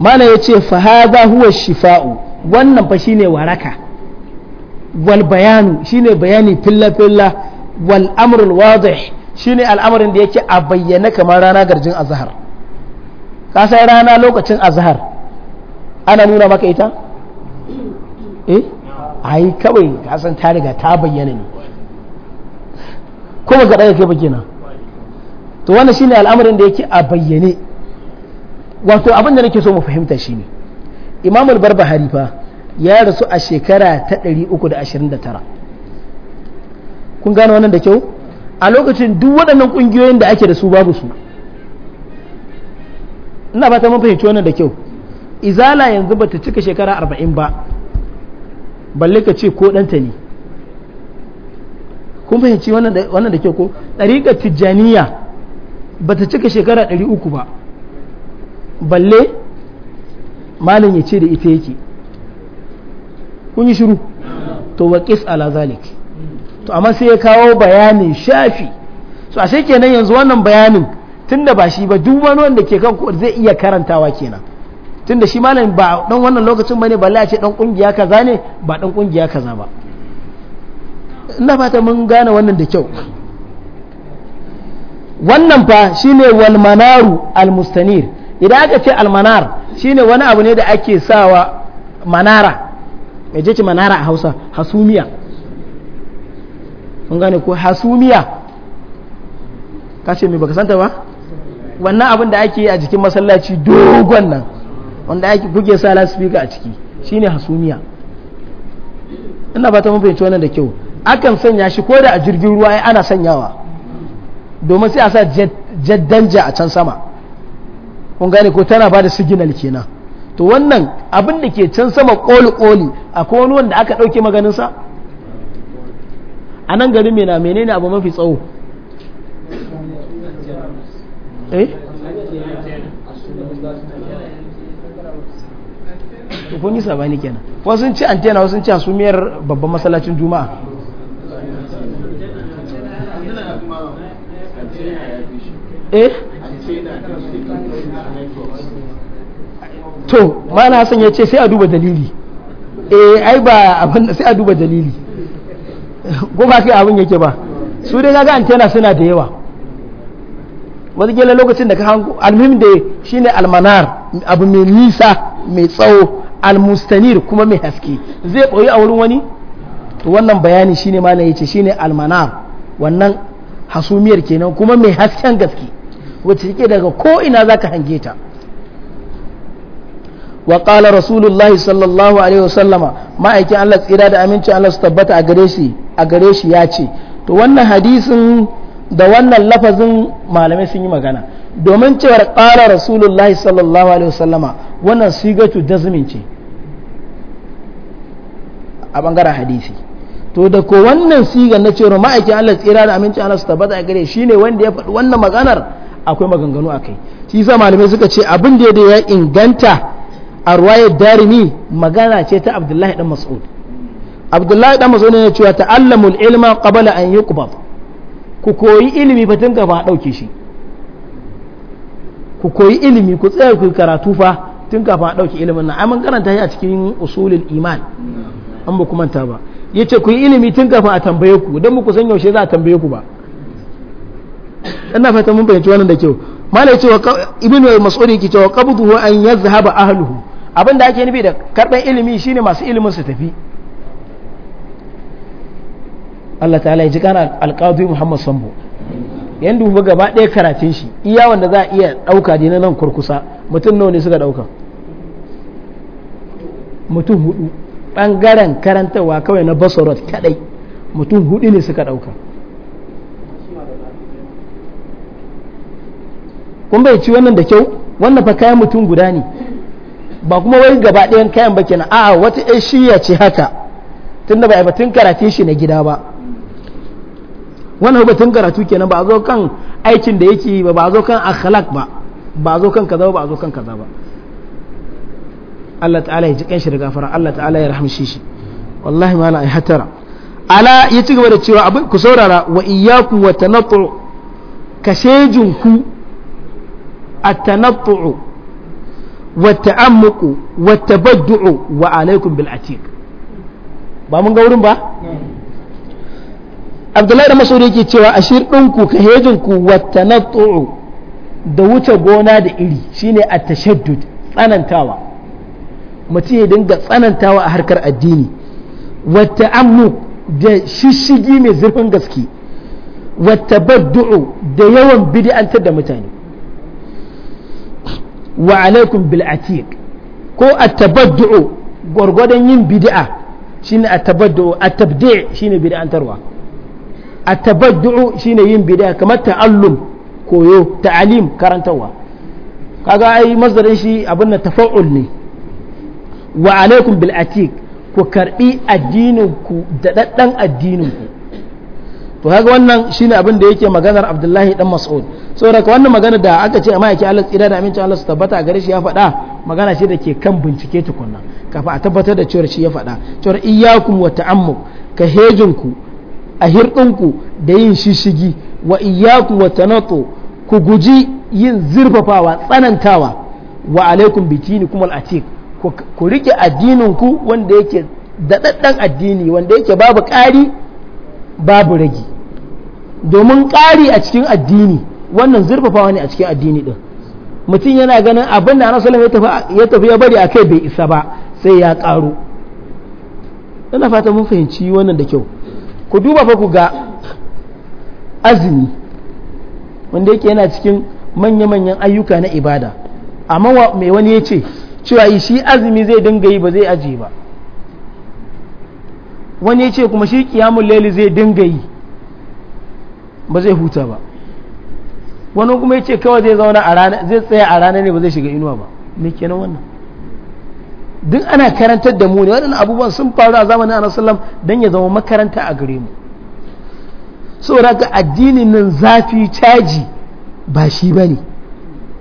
mana yace fa hadha huwa shifa'u wannan fa shine waraka wal bayanu shine bayani filla filla wal al wadih shine al'amarin da yake a bayyana kamar rana garjin azhar ka sai rana lokacin azhar ana nuna maka ita eh ai kawai ka san ta riga ta bayyana ne kuma ga daga kai ba kenan to wannan shine al'amarin da yake a bayyane wato abin da nake so mu fahimta shine ne imamul Barba Harifa ya rasu a shekara ta 329 kun gane wannan da kyau a lokacin duk waɗannan ƙungiyoyin da ake da su babu su ina ba ta mun fahimci wannan da kyau izala yanzu ba ta cika shekara 40 ba balle ka ce ko ɗanta ne kun fahimci wannan da kyau ko ɗariƙar tijjaniya ba ta cika shekara 300 ba balle malam ya ce da ita yake kun yi shiru to wa kis ala zalik to amma sai ya kawo bayanin shafi so ashe kenan yanzu wannan bayanin tunda ba shi ba duk wani wanda ke kan zai iya karantawa kenan tunda shi malam ba dan wannan lokacin bane balle a ce dan kungiya kaza ne ba dan kungiya kaza ba ina fata mun gane wannan da kyau wannan fa shine wal manaru al mustanir idan aka ce almanar shine wani abu ne da ake sawa manara mai ce manara a hausa hasumiya kun gane ko hasumiya ka mai baka santa ba wannan abin da ake yi a jikin masallaci dogon nan wanda ake kuke sa lasifika a ciki shine hasumiya ina ba ta mafi wannan da kyau akan sanya shi ko da a jirgin ruwa ana sanyawa domin sai a sa jaddanja a can sama kun gane ko tana bada signal kenan to wannan abin da ke can sama koli koli akwai wani wanda aka ɗauke maganin sa a nan gari mena menene abu mafi tsawo eh kun yi sabani kenan wasu sun ci antena wasu sun ci hasumiyar babban masallacin juma'a eh to mana hassan ya ce sai a duba dalili eh ai ba abin sai a duba dalili ko ba sai abin yake ba su dai kaga antena suna da yawa wani gela lokacin da ka hango almuhim da shine almanar abu mai nisa mai tsawo almustanir kuma mai haske zai koyi a wurin wani to wannan bayani shine malam yace shine almanar wannan hasumiyar kenan kuma mai hasken gaske wacce take daga ko ina zaka hange ta wa qala rasulullahi sallallahu alaihi wasallama ma'aikin Allah tsira da aminci Allah su tabbata a gare shi a gare shi ya ce to wannan hadisin da wannan lafazin malamai sun yi magana domin cewar ƙala rasulullahi sallallahu alaihi wasallama wannan sigatu jazmin ce a bangaren hadisi to da ko wannan siga na cewar ma'aikin Allah tsira da amincin Allah su tabbata a gare shi ne wanda ya faɗi wannan maganar akwai maganganu a kai shi sa malamai suka ce abin da ya inganta a ruwayar darimi magana ce ta abdullahi dan mas'ud abdullahi dan mas'ud ne cewa ta'allamul ilma qabla an yuqbad ku koyi ilimi fa tun gaba dauke shi ku koyi ilimi ku tsaya ku karatu fa tun kafin a dauke ilimin nan amma karanta shi a cikin usulul iman an ba kuma manta ba yace ku yi ilimi tun kafin a tambaye ku dan ba ku san yaushe za a tambaye ku ba ina fata mun bayyana wannan da kyau malai cewa ibnu al-mas'udi yake cewa qabduhu an yazhaba ahluhu abin da ake nufi da karban ilimi shine masu ilimin su tafi Allah ta'ala ya ji kana alqadi Muhammad Sambo yan dubu gaba ɗaya karatun shi iya wanda za a iya ɗauka ne na nan kurkusa mutum nawa ne suka ɗauka mutum hudu ɓangaren karantarwa kawai na basarot kadai mutum hudu ne suka ɗauka kun bai ci wannan da kyau wannan fa kayan mutum guda ne ba kuma wai gaba ɗayan kayan ba kenan a'a wata ɗan shiya ce haka tunda ba a batun karate shi na gida ba wannan batun karatu kenan ba a zo kan aikin da yake ba ba a zo kan akhlaq ba ba a zo kan kaza ba ba a zo kan kaza ba Allah ta'ala ya ji kanshi da gafara Allah ta'ala ya rahamshe shi wallahi ma la hatara ala ya ci gaba da cewa abin ku saurara wa iyyakum wa tanattu ku. التنطع والتعمق والتبدع وعليكم بالعتيق ba mun ga wurin ba abdullahi da Masudi yake cewa ashir ɗinku ka hejinku wata na da wuce gona da iri shine a tashaddud tsanantawa mutum ya dinga tsanantawa a harkar addini wata ammu da shishigi mai zurfin gaske wata baddu'u da yawan bid'antar da mutane wa alaikum bil atiq ko at tabaddu gwargwadon yin bid'a shine at tabaddu at-tabdi' shine tarwa at tabaddu shine yin bid'a kamar ta'allum koyo ta'alim karantawa kaga ai masdarin shi abin nan tafa'ul ne wa alaikum bil atiq ku karbi addinin ku da daddan addinin ku to kaga wannan shine abin da yake maganar Abdullahi dan Mas'ud saboda wannan magana da aka ce amma yake Allah tsira da amincin Allah su tabbata a gare shi ya faɗa magana ce da ke kan bincike tukunna kafa a tabbatar da cewar shi ya faɗa cewar iyyakum wa ta'ammuk ka hejinku a hirdinku da yin shishigi wa iyyakum wa tanatu ku guji yin zurfafawa tsanantawa wa alaikum bitini kuma atik ku rike addininku wanda yake daɗaɗɗen addini wanda yake babu ƙari babu ragi domin ƙari a cikin addini wannan zurfafa ne a cikin addini ɗin. mutum yana ganin abin da annabi ya tafi ya bari a kai bai isa ba sai ya ƙaro ina fata mun fahimci wannan da kyau ku duba fa ku ga azumi wanda yake yana cikin manya-manyan ayyuka na ibada amma mai wani ya ce cewa shi azumi zai dinga yi ba zai ajiye ba wani ya ce kuma shi kiyamun laili zai dinga yi ba zai huta ba wani kuma ya ce kawai zai zauna a rana zai tsaya a rana ne ba zai shiga inuwa ba me kenan wannan duk ana karantar da mu ne waɗannan abubuwan sun faru a zamanin annabi sallam dan ya zama makaranta a gare mu so ga addinin nan zafi caji ba shi mene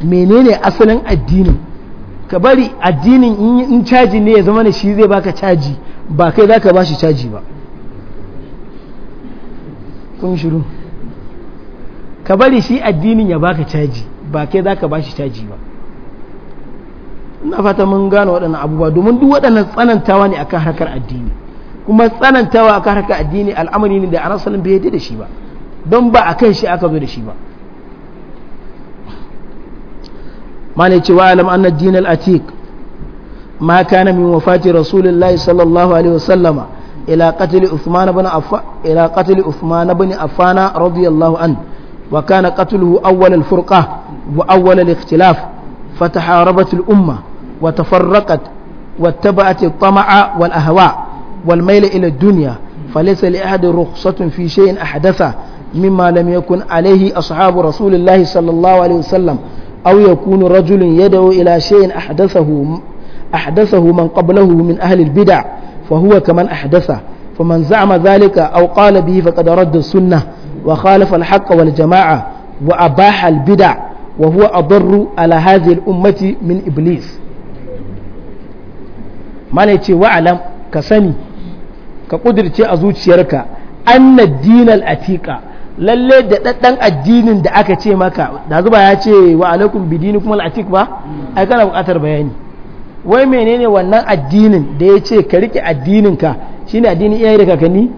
menene asalin addinin ka bari addinin in caji ne ya zama shi zai baka caji ba kai zaka bashi caji ba kun shiru ka bari shi addinin ya baka caji ba kai za ka ba shi caji ba ina fata mun gane waɗannan abubuwa domin duk waɗannan tsanantawa ne akan harkar addini kuma tsanantawa akan harkar addini al'amari ne da anas bai yadda da shi ba don ba a kan shi aka zo da shi ba mana ce wa alam anna atik ma kana min wafati rasulullahi sallallahu alaihi wasallama ila qatl uthman ibn affan ila qatl uthman ibn affan radiyallahu anhu وكان قتله أول الفرقة وأول الاختلاف فتحاربت الأمة وتفرقت واتبعت الطمع والأهواء والميل إلى الدنيا فليس لأحد رخصة في شيء أحدثه مما لم يكن عليه أصحاب رسول الله صلى الله عليه وسلم أو يكون رجل يدعو إلى شيء أحدثه أحدثه من قبله من أهل البدع فهو كمن أحدثه فمن زعم ذلك أو قال به فقد رد السنة وخالف الحق والجماعة وأباح البدع وهو أضر على هذه الأمة من إبليس ما نيتي وعلم كسني كقدرتي أزوج شركة أن الدين الأتيكة lalle da ɗaɗɗan addinin da aka ce maka da zuba ya ce wa alaikum bidini kuma al'atik ba ai kana bukatar bayani wai menene wannan addinin da ya ce ka riƙe addininka shine addinin iyaye da kakanni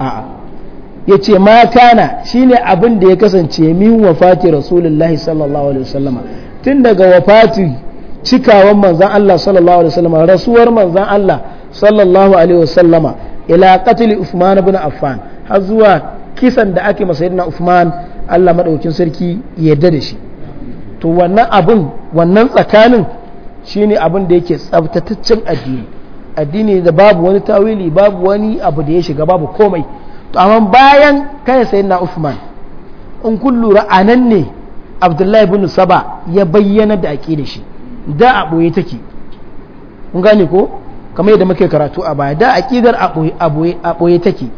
a'a ya ce ma kana shine abin da ya kasance min wafati rasulullahi sallallahu alaihi wasallama tun daga wafati cikawan manzan Allah sallallahu alaihi wasallama rasuwar manzan Allah sallallahu alaihi wasallama ila qatl Uthman ibn Affan har zuwa kisan da ake masa sayyidina Uthman Allah madaukakin sarki yadda da shi to wannan abin wannan tsakanin shine abin da yake tsabtataccen addini addini da babu wani tawili babu wani abu da ya shiga babu komai to amma bayan kai sai na Uthman in kun lura a nan ne Abdullahi bin Saba ya bayyana da aqida shi da a boye take kun gane ko kamar yadda muke karatu a baya da aƙidar a boye take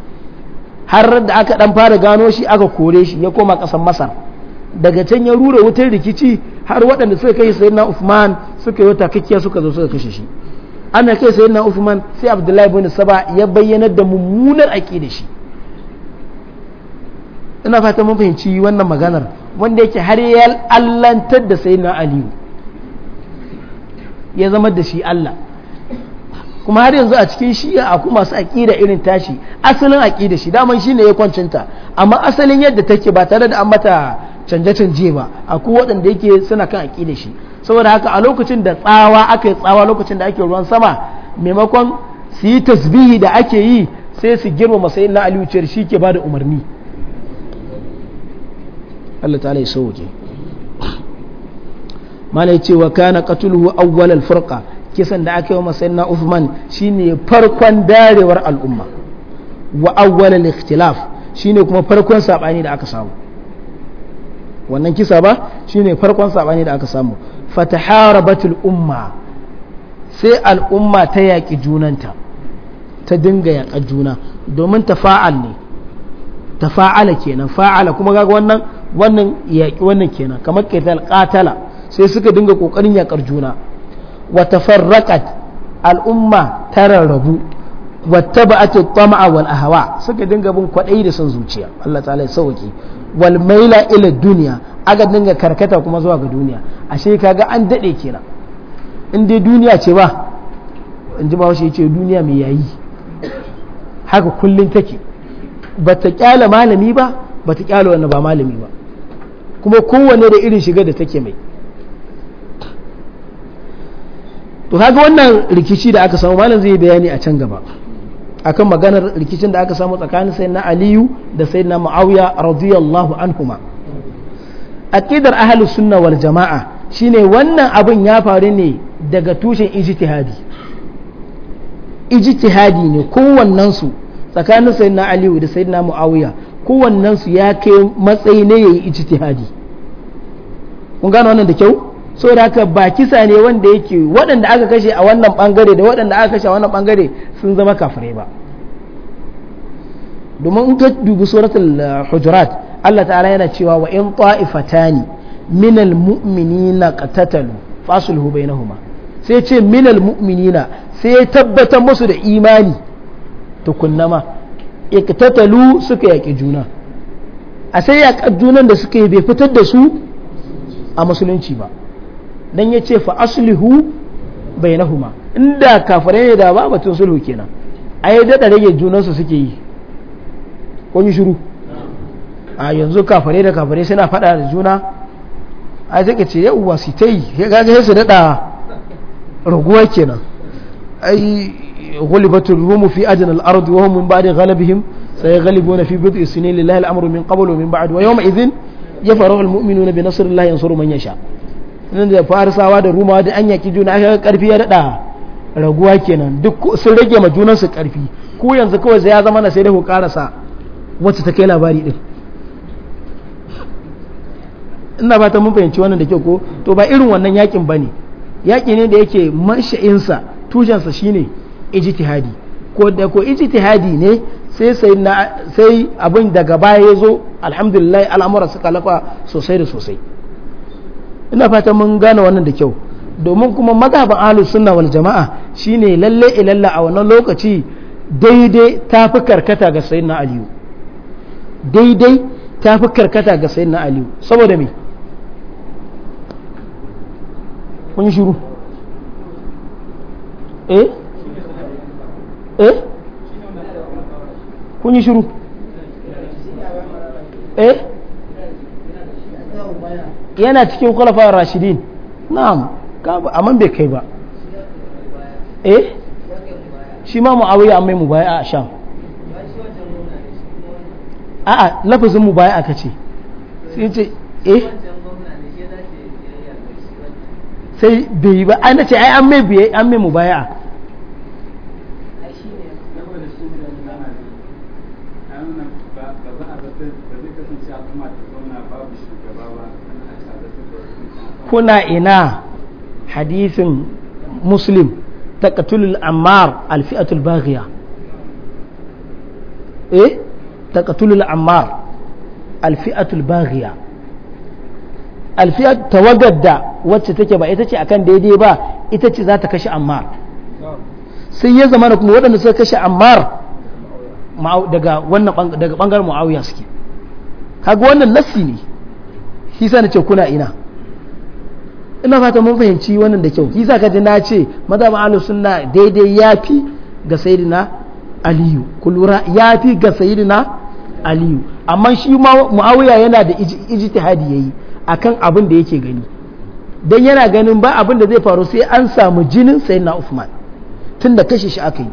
har da aka dan fara gano shi aka kore shi ya koma kasar Masar daga can ya rura wutar rikici har waɗanda suka kai sayyidina Uthman suka yi takakkiya suka zo suka kashe shi ana kai sayyidina Uthman sai abdullah bin Saba ya bayyana da mummunar aqida shi ina fata mun fahimci wannan maganar wanda yake har ya allantar da sai na aliyu ya zama da shi Allah kuma har yanzu a cikin shi shi'a aku masu aƙida irin tashi asalin aƙida shi daman shi ne ya kwancinta amma asalin yadda take ba tare da an mata canje-canje ba aku waɗanda yake suna kan aƙida shi saboda haka a lokacin da tsawa aka yi tsawa lokacin da ake ruwan sama maimakon su yi tasbihi da ake yi sai su girmama sai na aliyu shi ke ba da umarni Allah ta'ala ya sauke mala ya ce wa kana qatluhu awwal al furqa kisan da aka yi wa sayyidina Uthman shine farkon darewar al'umma wa awwal al ikhtilaf shine kuma farkon sabani da aka samu wannan kisa ba shine farkon sabani da aka samu fataharabatul umma sai al'umma ta yaƙi junanta ta dinga yaƙa juna domin tafa'al ne tafa'ala kenan fa'ala kuma gaga wannan wannan yaƙi wannan kenan kamar qital qatala sai suka dinga ƙoƙarin yaƙar juna wata farraƙat al'umma ta rarrabu wata bata at-tama'a wal hawa suka dinga bin kwaɗayi da son zuciya Allah ta'ala ya sauƙi wal maila ila duniya aka dinga karkata kuma zuwa ga duniya ashe kaga an daɗe kenan in dai duniya ce ba in ji bawa ce duniya mai yayi haka kullum take ba ta kyala malami ba ba ta kyala wani ba malami ba kuma kowanne da irin shiga da take mai to kaga wannan rikici da aka samu malam zai bayani a can gaba akan maganar rikicin da aka samu tsakanin sayyidina aliyu da sayyidina ma'auya radiyallahu anhuma aqidar ahli sunna wal jama'a shine wannan abin ya faru ne daga tushen Ijitihadi Ijitihadi ne kowannen su tsakanin sayyidina aliyu da sayyidina muawiya kowannen su ya kai matsayi ne ya yayi ijtihadi kun gane wannan da kyau da haka ba kisa ne wanda yake waɗanda aka kashe a wannan bangare da waɗanda aka kashe a wannan bangare sun zama kafirai ba domin in ka dubi suratul eh, hujurat Allah ta'ala yana cewa wa in ta'ifatani minal mu'minina qatatalu fasulhu bainahuma sai ce minal mu'minina sai tabbatar musu da imani tukunnama iktatalu suka yaƙi juna a sai yaƙar junan da suka yi bai fitar da su a musulunci ba dan ya ce fa aslihu bainahuma inda kafirai ne da ba batun sulhu kenan ai daɗa rage junansu suke yi ko yi shiru a yanzu kafirai da kafirai suna faɗa da juna ai zaka ce yau wasu ta yi ga sai su daɗa raguwa kenan غلبت الروم في أدنى الأرض وهم من بعد غلبهم سيغلبون في بضع سنين لله الأمر من قبل ومن بعد ويومئذ يفرغ المؤمنون بنصر الله ينصر من يشاء nan da farisawa da rumawa da an yaki juna aka karfi ya dada raguwa kenan duk sun rage ma junan su karfi ku yanzu kawai sai ya zama na sai da ku karasa wacce ta kai labari din ina ba ta mun fahimci wannan da kyau ko to ba irin wannan yakin bane yaki ne da yake mansha'insa tushensa shine ijtihadi ko da ko ijtihadi ne sai sai na sai abin daga baya ya zo alhamdulillah al'amura suka lafa sosai da sosai ina fata mun gane wannan da kyau domin kuma mazhaban ahlus sunna wal jama'a shine lalle ilalla a wannan lokaci daidai ta fi karkata ga sayyidina aliyu daidai ta fi karkata ga sayyidina aliyu saboda me kun shiru eh eh kun yi shiru eh yana cikin kwalafawar rashidin na'am amma bai kai ba eh shi ma mu'awiyya an mu baya a sham a'a lafazin baya aka ce sai ce eh sai bai yi ba ai nace ai an mai biye an mai kuna ina hadisin muslim ta katulul ammar alfi'atul baghiya eh ta katulul ammar alfi'atul baghiya alfi'at tawagar da wacce take ba ita ce akan daidai ba ita ce za ta kashe ammar sai ya zama kuma waɗanda suka kashe ammar daga wannan daga bangaren muawiya suke kaga wannan nassi ne shi sa na ce kuna ina ina fata mun fahimci wannan da kyau shi sa na ce madama ahlus sunna daidai yafi ga sayyidina aliyu ku yafi ga sayyidina aliyu amma shi muawiya yana da ijtihadi yayi akan abin da yake gani dan yana ganin ba abin da zai faru sai an samu jinin sayyidina usman tunda kashe shi aka yi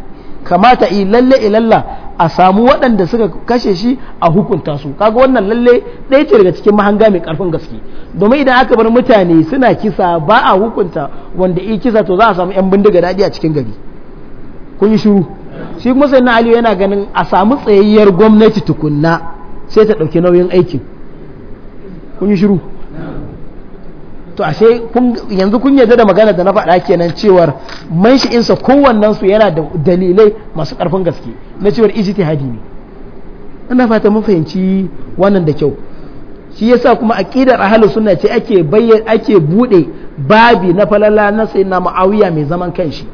kamata yi lalle ilalla a samu waɗanda suka kashe shi a hukunta su kaga wannan lalle ɗaya ce daga cikin mahanga mai ƙarfin gaske domin idan aka bar mutane suna kisa ba a hukunta wanda yi kisa to za a samu yan bindiga daɗi a cikin gari kun yi shiru shi kuma sai na aliyu yana ganin a samu tsayayyar gwamnati tukunna sai ta ɗauki nauyin aikin kun yi shiru to ashe yanzu kun yarda da magana da na faɗa kenan cewar man manshi'insa kowannen su yana da dalilai masu ƙarfin gaske na cewar ijtihadi ne ina fata mun fahimci wannan da kyau shi yasa kuma aqidar ahlus sunna ce ake bayyana ake bude babi na falala na sayyidina muawiya mai zaman kanshi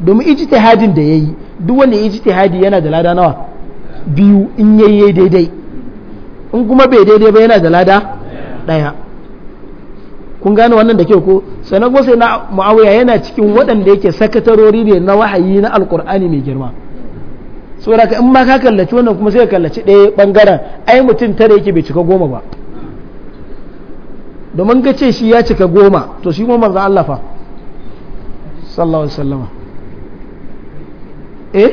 domin ijtihadin da yayi duk wanda ijtihadi yana da lada nawa biyu in yayi daidai in kuma bai daidai ba yana da lada daya kun gane wannan da kyau ko sannan kuma sai na muawiya yana cikin waɗanda yake sakatarori ne na wahayi na alkur'ani mai girma saboda ka in ma ka kallaci wannan kuma sai ka kallaci ɗaya bangaren ai mutum tare yake bai cika goma ba domin ka ce shi ya cika goma to shi kuma manzo Allah fa sallallahu alaihi wasallama eh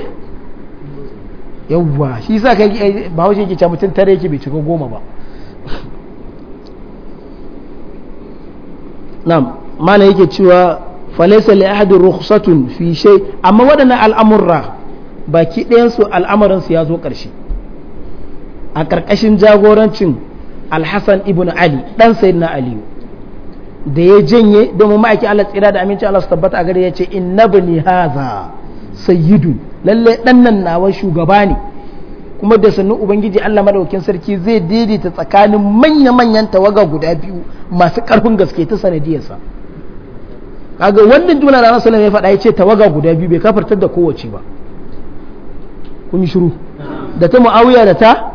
yawwa shi sa kai eh, ba hausa yake ce mutum tare yake bai cika goma ba na'am mana yake cewa falaisa li ahadin rukhsatun fi shay amma waɗannan al'amurra baki ɗayansu al'amarin su ya zo ƙarshe a ƙarƙashin jagorancin alhassan ibn ali ɗan sayyidina aliyu da ya janye domin ma'aiki Allah tsira da aminci Allah su tabbata a gare ya ce inna bani haza sayyidu lalle dan nan nawa shugaba ne kuma da sannu ubangiji Allah madaukakin sarki zai daidaita tsakanin manya-manyan tawaga guda biyu masu karfin gaske ta sanadiyarsa kaga wannan jumla da Annabi ya faɗa ya ce tawaga guda biyu bai kafartar da kowace ba kun shiru da ta Muawiya da ta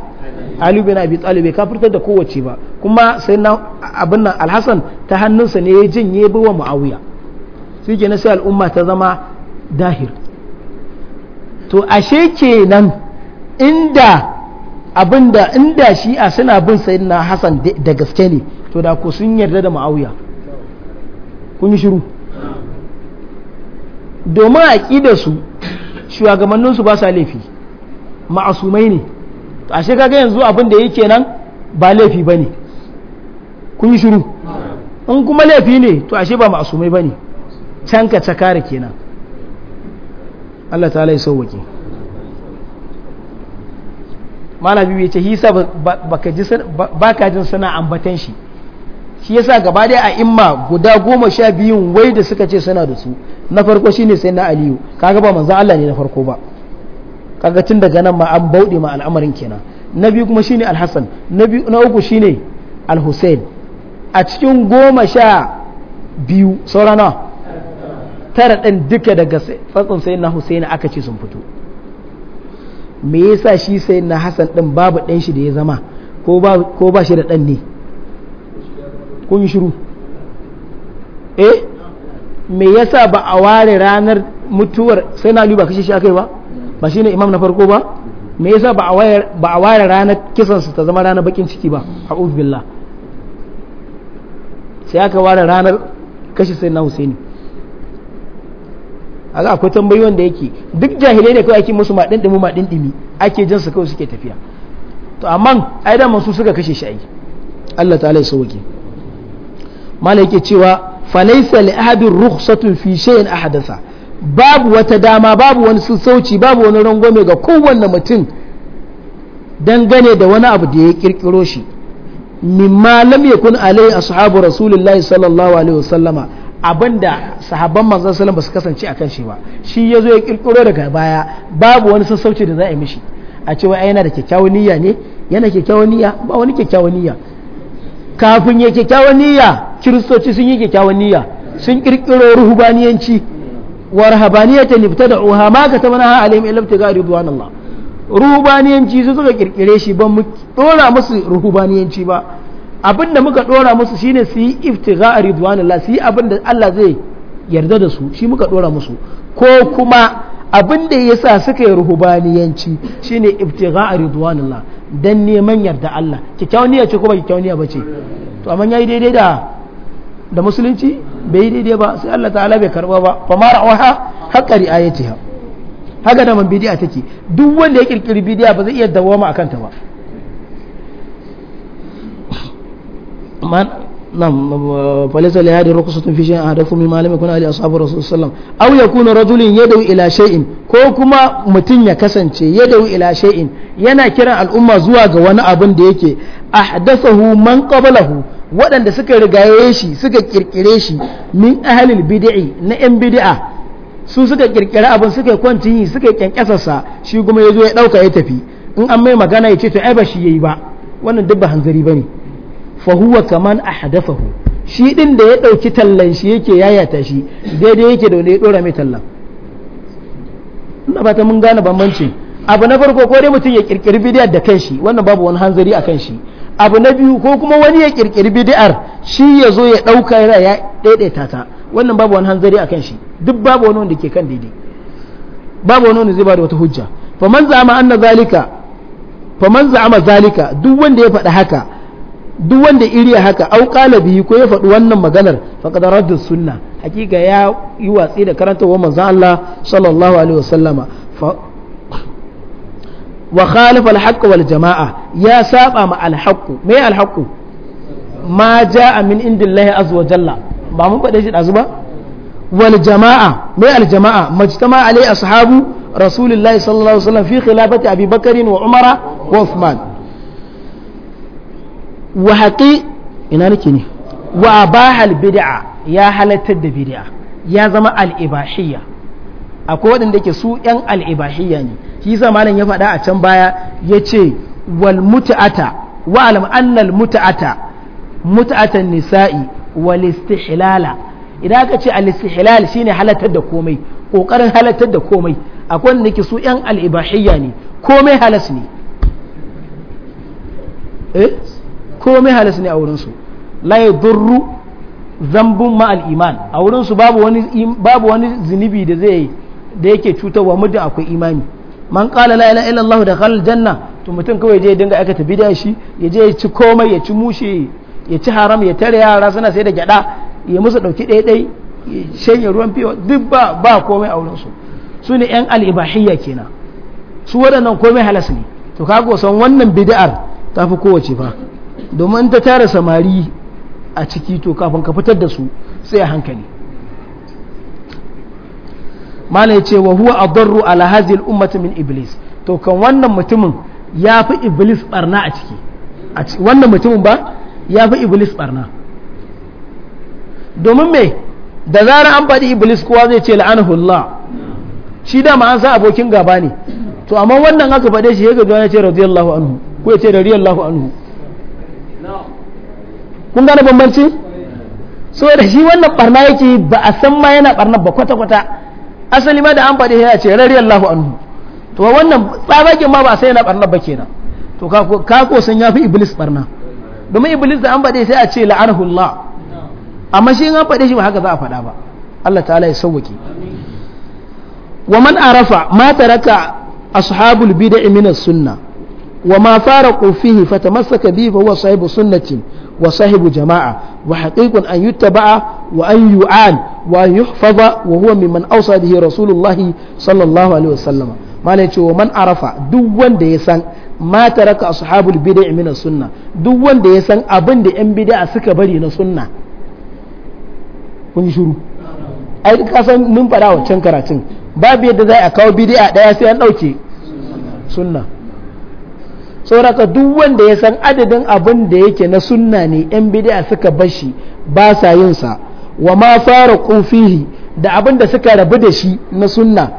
Ali bin Abi Talib bai kafartar da kowace ba kuma sai na abin nan Al-Hasan ta hannunsa ne ya janye wa Muawiya shi kenan sai al'umma ta zama dahir to ashe kenan inda abinda inda shi'a suna bin sayyidina Hassan da gaske ne to da ko sun yarda da ma'auya kun yi shiru domin a ƙida su shugabanninsu ba sa laifi ma'asumai ne a shekaga yanzu abin da yake nan ba laifi ba ne kun yi shiru in kuma laifi ne to ashe ba ma'asumai ba ne canka ta kare kenan Allah ta ya sauwake. biyu ya ce hisa ba ka jin suna ambatan shi shi yasa gaba dai a imma guda goma sha biyun wai da suka ce suna da su na farko shine sai na aliyu kaga ba manzan Allah ne na farko ba kaga tun daga nan ma an bauɗe ma al'amarin kenan na biyu kuma shine alhassan na uku shine alhussein a cikin goma sha biyu saurana tara ɗin duka daga tsatsin sai na aka ce sun fito me yasa shi sai na hassan din babu ɗan shi da ya zama ko ba shi da ɗan ne kun shiru eh me yasa ba a ware ranar mutuwar sai na ba kashe shi akai ba ba shine imam na farko ba me yasa ba a ware ranar kisan su ta zama ranar bakin ciki ba a billah sai aka ware ranar kashe sai na husaini aga akwai tambayi wanda yake duk jahilai ne kawai ake musu ma ɗimu maɗin ma ake jin su kawai suke tafiya to amma ai da su suka kashe shi ai Allah ta'ala ya sauke mala yake cewa falaysa li ahadin rukhsatun fi shay'in ahadasa babu wata dama babu wani sassauci babu wani rangwame ga kowanne mutum dangane da wani abu da ya kirkiro shi mimma lam yakun alai ashabu rasulullahi sallallahu alaihi wasallama abinda sahabban manzon sallam ba su kasance a kan shi ba shi ya zo ya kirkiro daga baya babu wani sassauci da za a yi mishi a ce cewa yana da kyakkyawan niyya ne yana kyakkyawan niyya ba wani kyakkyawan niyya kafin ya kyakkyawan niyya kiristoci sun yi kyakkyawan niyya sun kirkiro ruhubaniyanci wa rahabaniyatan ibtada'uha ma katabnaha alaihim illa ibtiga ridwanallah ruhubaniyanci su suka kirkire shi ban mu dora musu ruhubaniyanci ba abin da muka dora musu shine su yi iftigha ridwanillah su yi abin da Allah zai yarda da su shi muka ɗora musu ko kuma abin da ya sa suka yi ruhubaniyanci shine iftigha la dan neman yarda Allah kyakkyawan niyya ce ko ba niyya bace to amma yayi daidai da da musulunci bai yi daidai ba sai Allah ta'ala bai karba ba fa ma ra'aha haqqa ri'ayatiha haka da man bidi'a take duk wanda ya kirkiri bidi'a ba zai iya dawoma akan ta ba man nam uh, falisa li hadi rukhsatun fi shay'in ahdathu mimma lam yakun ali ashabu rasul sallam aw yakuna rajulun yad'u ila shay'in ko kuma mutum ya kasance yad'u ila shay'in yana kiran al'umma zuwa ga wani abin da yake ahdathahu man qablahu waɗanda suka rigaye shi suka kirkire shi min ahlil bid'i na yan bid'a su suka kirkira abin suka kwanci suka kyankyasarsa shi kuma ya zo ya ɗauka ya tafi in an mai magana ya ce to ai ba shi yayi ba wannan duk ba hanzari bane fa huwa kaman ahdathahu shi din da ya dauki tallan shi yake yayata shi daidai yake da wanda ya dora mai tallan ina fata mun gane bambanci abu na farko ko dai mutum ya kirkiri bidiyar da kanshi wannan babu wani hanzari a kan shi abu na biyu ko kuma wani ya kirkiri bidiyar shi ya zo ya dauka yana ya daidaita ta wannan babu wani hanzari a kan shi duk babu wani wanda ke kan daidai babu wani wanda zai bada wata hujja fa man za'ama anna zalika fa man za'ama zalika duk wanda ya faɗi haka duk wanda iriya haka au kala bihi ko ya faɗi wannan maganar faqad radda sunna hakika ya yi watsi da karantawa manzon Allah sallallahu alaihi wasallama wa khalafa al-haqq wal jama'a ya saba ma al-haqq me al-haqq ma jaa min indillahi azza wa jalla ba mun faɗe shi dazu ba wal jama'a me al-jama'a majtama alai ashabu rasulillahi sallallahu alaihi wasallam fi khilafati abi bakr wa umara wa uthman wa haƙi ina nake ne wa bahal bid'a ya halattar da bid'a ya zama al-ibahiyya akwai waɗanda ke su yan al ne shi yasa malam ya faɗa a can baya yace wal mut'ata wa alam annal al mut'ata mut'atan nisa'i wal istihlala idan aka ce al istihlal shine halattar da komai kokarin halattar da komai akwai wanda ke su yan al ne komai halas ne eh komai halas ne a wurinsu la ya durru zambun ma iman a wurinsu babu wani babu zunubi da zai da yake cutarwa muddin akwai imani man qala la ilaha illallah da khalal janna to mutum kawai je ya dinga aikata bid'a shi ya je ya ci komai ya ci mushe ya ci haram ya tare yara suna sai da gyada ya musu dauki daidai ya shanye ruwan fiwa duk ba ba komai a wurinsu su ne yan al'ibahiyya kenan su waɗannan komai halas ne to kago san wannan bid'ar ta fi kowace ba. domin ta tara samari a ciki to kafin ka fitar da su sai a hankali mana ya ce wa huwa adarru ala hazil ummati min iblis to kan wannan mutumin ya fi iblis barna a ciki wannan mutumin ba ya fi iblis barna domin me da zara an faɗi iblis kowa zai ce la'anahullah shi dama an sa abokin gaba ne to amma wannan aka faɗe shi ya gaji ya ce radiyallahu anhu ko ya ce radiyallahu anhu kun gane bambanci so da shi wannan barna yake ba a san ma yana barna ba kwata kwata asali ma da an faɗi yana ce rari Allahu anhu to wannan tsabagen ma ba a san yana barna ba kenan to ka ko san yafi iblis barna domin iblis da an faɗi sai a ce la'anahu Allah amma shi in an faɗe shi ba haka za a faɗa ba Allah ta'ala ya sauwake wa man arafa ma taraka ashabul bid'i min as-sunnah وما فارقوا فيه فتمسك به فهو صاحب سنة wa sahibu jama'a wa haƙiƙun an yuttaba'a wa an yu'an wa an yuhfaza wa huwa mimman awsa bihi rasulullahi sallallahu alaihi wasallam malai ce wa man arafa duk wanda ya san ma taraka ashabul bid'a min sunna duk wanda ya san abin da yan bid'a suka bari na sunna kun shiru ai ka san mun fara wancan karatun babu yadda za a kawo bid'a daya sai an dauke sunna sauraka duk wanda ya san adadin abin da yake na sunna ne yan bidiya suka bashi ba sa yin sa wa ma fara fihi da abin da suka rabu da shi na sunna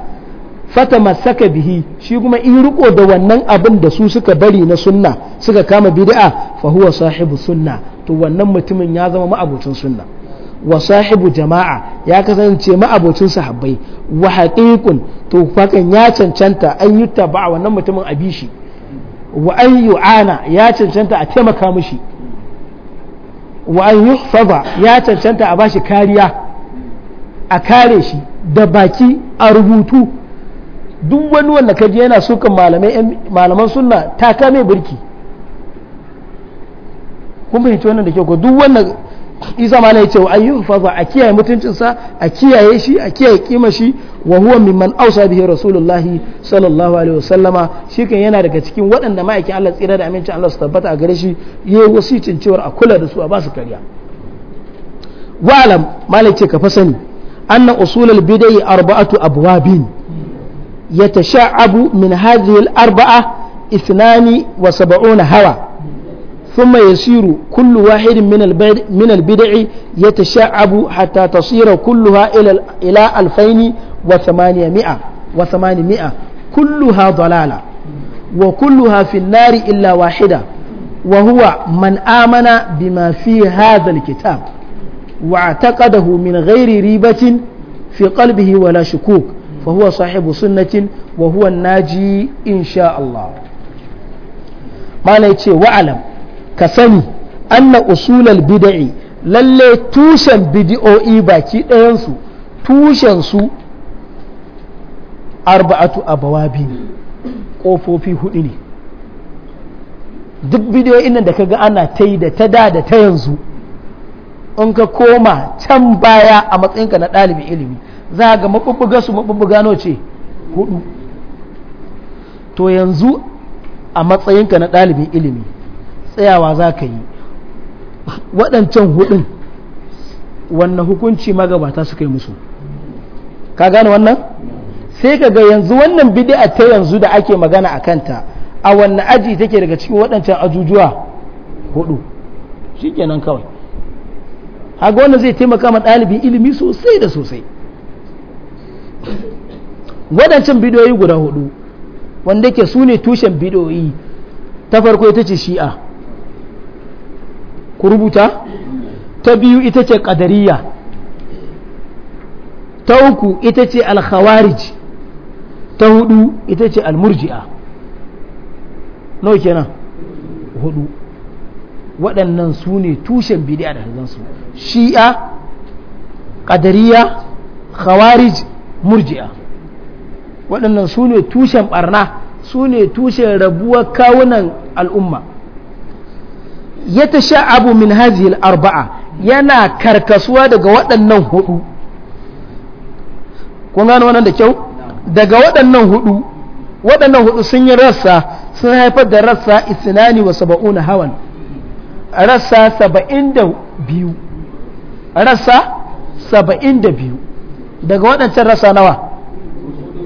fata masaka bihi shi kuma in riko da wannan abin da su suka bari na sunna suka kama bid'a fa huwa sahibu sunna to wannan mutumin ya zama ma'abucin sunna wa sahibu jama'a ya kasance ma'abocin sahabbai wa haqiqun to fakan ya cancanta an yi ba wannan mutumin a bishi wa an ana ya cancanta a taimaka mushi wa an yuhfaza ya cancanta a bashi kariya a kare shi da baki a rubutu duk wani wanda kaji yana sukan malaman sunna ta kame burki kun fahimci wannan da kyau ko duk wanda isa ma ya ce wa ayyuhu a kiyaye mutuncinsa a kiyaye shi a kiyaye kima shi wa huwa mimman ausa bihi rasulullahi sallallahu alaihi wasallama shi kan yana daga cikin waɗanda ma'aikin Allah tsira da amincin Allah su tabbata a gare shi yayi wasicin cewa a kula da su a ba su kariya wa'lam malik ce ka fa sani anna usulul bid'i arba'atu abwabin yatasha'abu min hadhihi al-arba'a 72 hawa ثم يسير كل واحد من من البدع يتشعب حتى تصير كلها إلى إلى 2800 و800 كلها ضلالة وكلها في النار إلا واحدة وهو من آمن بما في هذا الكتاب واعتقده من غير ريبة في قلبه ولا شكوك فهو صاحب سنة وهو الناجي إن شاء الله ما لا يتشي وأعلم ka sani anna usulal bid'i lalle tushen bid'o'i baki ɗayansu tushen su arba'atu abawabi ne ƙofofi hudu ne duk bidiyoyin inda da kaga ana ta da ta da da ta yanzu in ka koma can baya a matsayinka na ɗalibin ilimi za ga mabubuga su maɓuɓɓuga no ce hudu to yanzu a matsayinka na ɗalibin ilimi tsayawa za ka yi waɗancan hudun wannan hukunci magabata suka yi musu ka gane wannan sai ka ga yanzu wannan bidi'a ta yanzu da ake magana a kanta a wannan aji take daga cikin waɗancan ajujuwa hudu shi nan kawai haka wannan zai taimaka ma ɗalibin ilimi sosai da sosai waɗancan bidiyoyi guda hudu wanda ke su ne tushen bidiyoyi ta farko ita ce shi'a ku rubuta ta biyu ita ce ƙadariya ta uku ita ce alkhawarij ta hudu ita ce almurji'a nawa kenan hudu waɗannan su ne tushen bidiya da hanzansu shi'a ƙadariya khawarij murji'a waɗannan su ne tushen ɓarna su ne tushen rabuwar kawunan al'umma ya ta sha abu min hazihil arba'a yana karkasuwa daga waɗannan hudu kun gano wannan da kyau daga waɗannan hudu waɗannan hudu sun yi rassa sun haifar da rassa isinani wa saba'una hawan rassa saba'in da biyu rassa saba'in da biyu daga waɗancan rassa nawa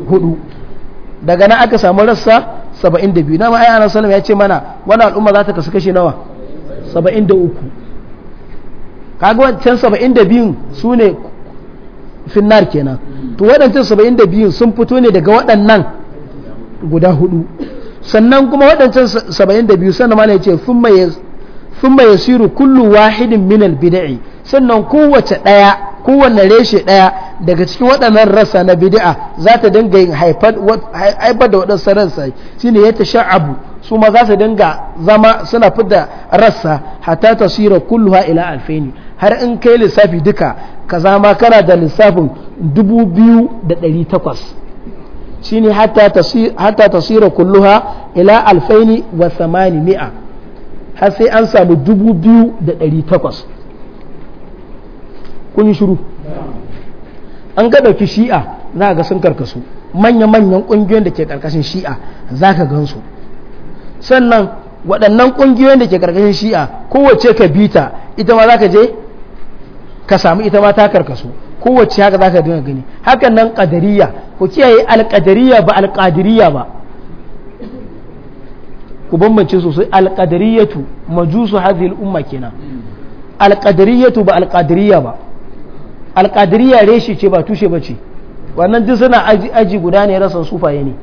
hudu daga na aka samu rassa saba'in da biyu na ma'ayyana salam ya ce mana wani al'umma za ta kasu kashe nawa saba'in da uku kaga wancan saba'in da biyun su ne finnar kenan to waɗancan saba'in da biyun sun fito ne daga waɗannan guda hudu sannan kuma waɗancan saba'in da biyu sannan mana ya ce sun mai yasiru kullu wahidin minal bida'i sannan kowace ɗaya kowane reshe ɗaya daga cikin waɗannan rasa na bid'a za ta dinga yin haifar da waɗansu ransa shine ya ta sha'abu su ma za su dinga zama suna fidda rassa hatta tasira kulluha ila alfaini har in kai lissafi duka ka zama kana da lissafin 2,800 shine hatta tasira kulluha ila alfaini wa samani mi'a har sai an samu 2,800 kun yi shiru an ga ɗauki shi'a za ga sun karkasu manya-manyan ƙungiyoyin da ke ƙarƙashin shi'a za ka gansu sannan waɗannan ƙungiyoyin da ke ƙarƙashin shi'a kowace ka bita ita ma za ka je ka samu ita ma ta karkasu kowace haka za ka dinga gani hakan nan ƙadariya ku kiyaye alƙadariya ba alƙadiriya ba ku bambance sosai alƙadariyatu majusu hadhihi al'umma kenan alƙadariyatu ba alƙadiriya ba alƙadiriya reshe ce ba tushe ba ce wannan duk suna aji guda ne rasan sufaye ne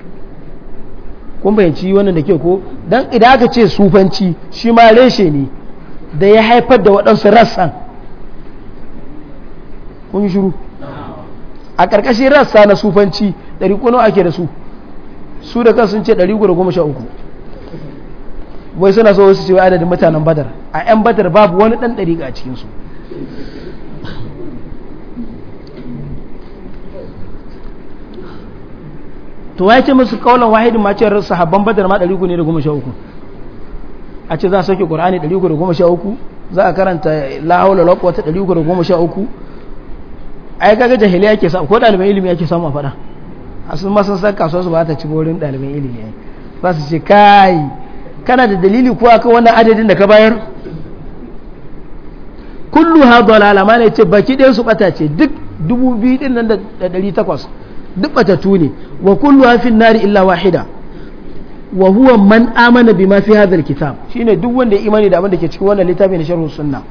kun bayanci wannan da ke ko dan idan aka ce sufanci shi ma reshe ne da ya haifar da waɗansu rassan kun yi shiru a ƙarƙashin rassa na sufanci ɗari nawa ake da su su da kansu ce ɗari da goma sha uku wai suna so wasu ce adadin mutanen badar a 'yan badar babu wani ɗan ɗari a cikinsu to ya ce musu kaulan wahidin ma cewar sahabban badar ma 313 a ce za a sauke ƙorani 313 za a karanta la haula wala quwwata 313 ai kaga ya ke samu ko daliban ilimi ya ke samu a fada a sun sun san kasuwa su ba ta ci borin daliban ilimi ai za su ce kai kana da dalili ko akan wannan adadin da ka bayar kullu ha dalala ma ne ce baki ɗaya su ɓata ce duk dubu biyu ɗin nan da ɗari takwas duk batatu ne wa kullu hafin nari illa wahida wa huwa man amana bima fi hadha shine duk wanda ya imani da abin da ke cikin wannan littafi na sharh sunna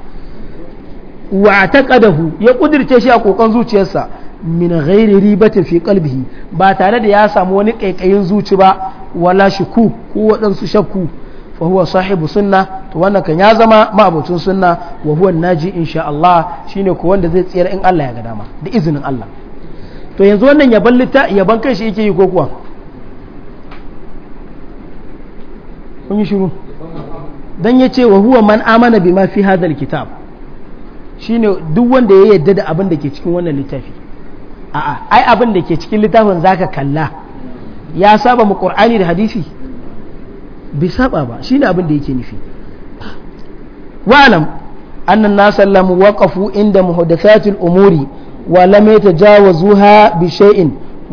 wa taqadahu ya kudirce shi a kokon zuciyarsa min ghairi ribatin fi qalbihi ba tare da ya samu wani kaikayin zuci ba wala shuku ko wadansu shakku fa huwa sahibu sunna to wannan kan ya zama ma'abucin sunna wa huwa naji insha Allah shine ko wanda zai tsira in Allah ya ga dama da izinin Allah to yanzu wannan yaban litta yaban kai shi yake yi ko kuwa kun yi shiru dan ya ce wa huwa man amana bima fi hadal kitab shine duk wanda ya yadda da abin da ke cikin wannan littafi a'a ai abin da ke cikin littafin zaka kalla ya saba mu qur'ani da hadisi bai saba ba shine abin da yake nufi wa'lam annan nasallamu waqafu inda muhdathatil umuri ولم يتجاوزوها بشيء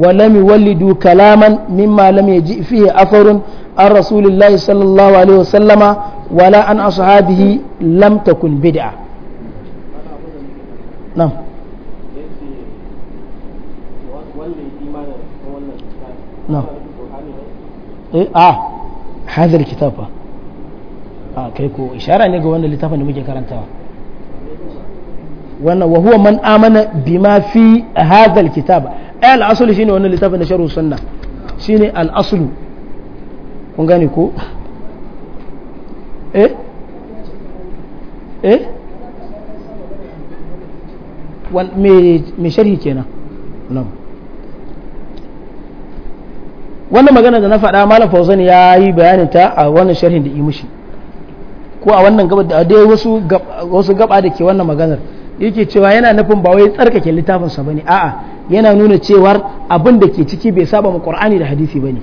ولم يولدوا كلاما مما لم يجيء فيه أثر عن رسول الله صلى الله عليه وسلم ولا عن أصحابه لم تكن بدعة نعم نعم إيه آه هذا الكتاب آه كيكو إشارة نيجو أن اللي تفهم نمجي كرنتها wannan wa huwa man amana bima fi hadha alkitab ay al-asl shine wannan littafin da sharh sunna shine al-asl kun gane ko eh eh wal me me sharhi kenan nan wannan magana da na faɗa malam fauzan ya yi bayanin ta a wannan sharhin da yi mushi ko a wannan gaba da dai wasu gaba da ke wannan maganar yake cewa yana nufin ba wai tsarkake littafinsa bane a'a yana nuna cewar abin da ke ciki bai saba mu qur'ani da hadisi bane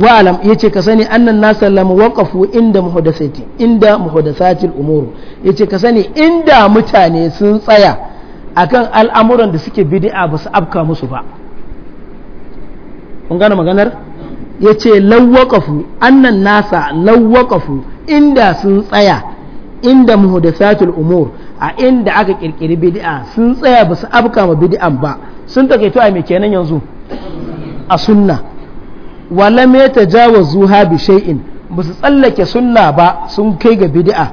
wa alam yace ka sani annan nasa lam waqafu inda muhadasati inda muhadasatil umur yace ka sani inda mutane sun tsaya akan al'amuran da suke bid'a ba su afka musu ba kun gane maganar yace lawwaqafu annan nasa lawwaqafu inda sun tsaya inda muhdasatul umur a inda aka kirkiri bid'a sun tsaya ba su afka ma bid'an ba sun takaito a me kenan yanzu a sunna wala me jawazu ha bi shay'in ba su tsallake sunna ba sun kai ga bid'a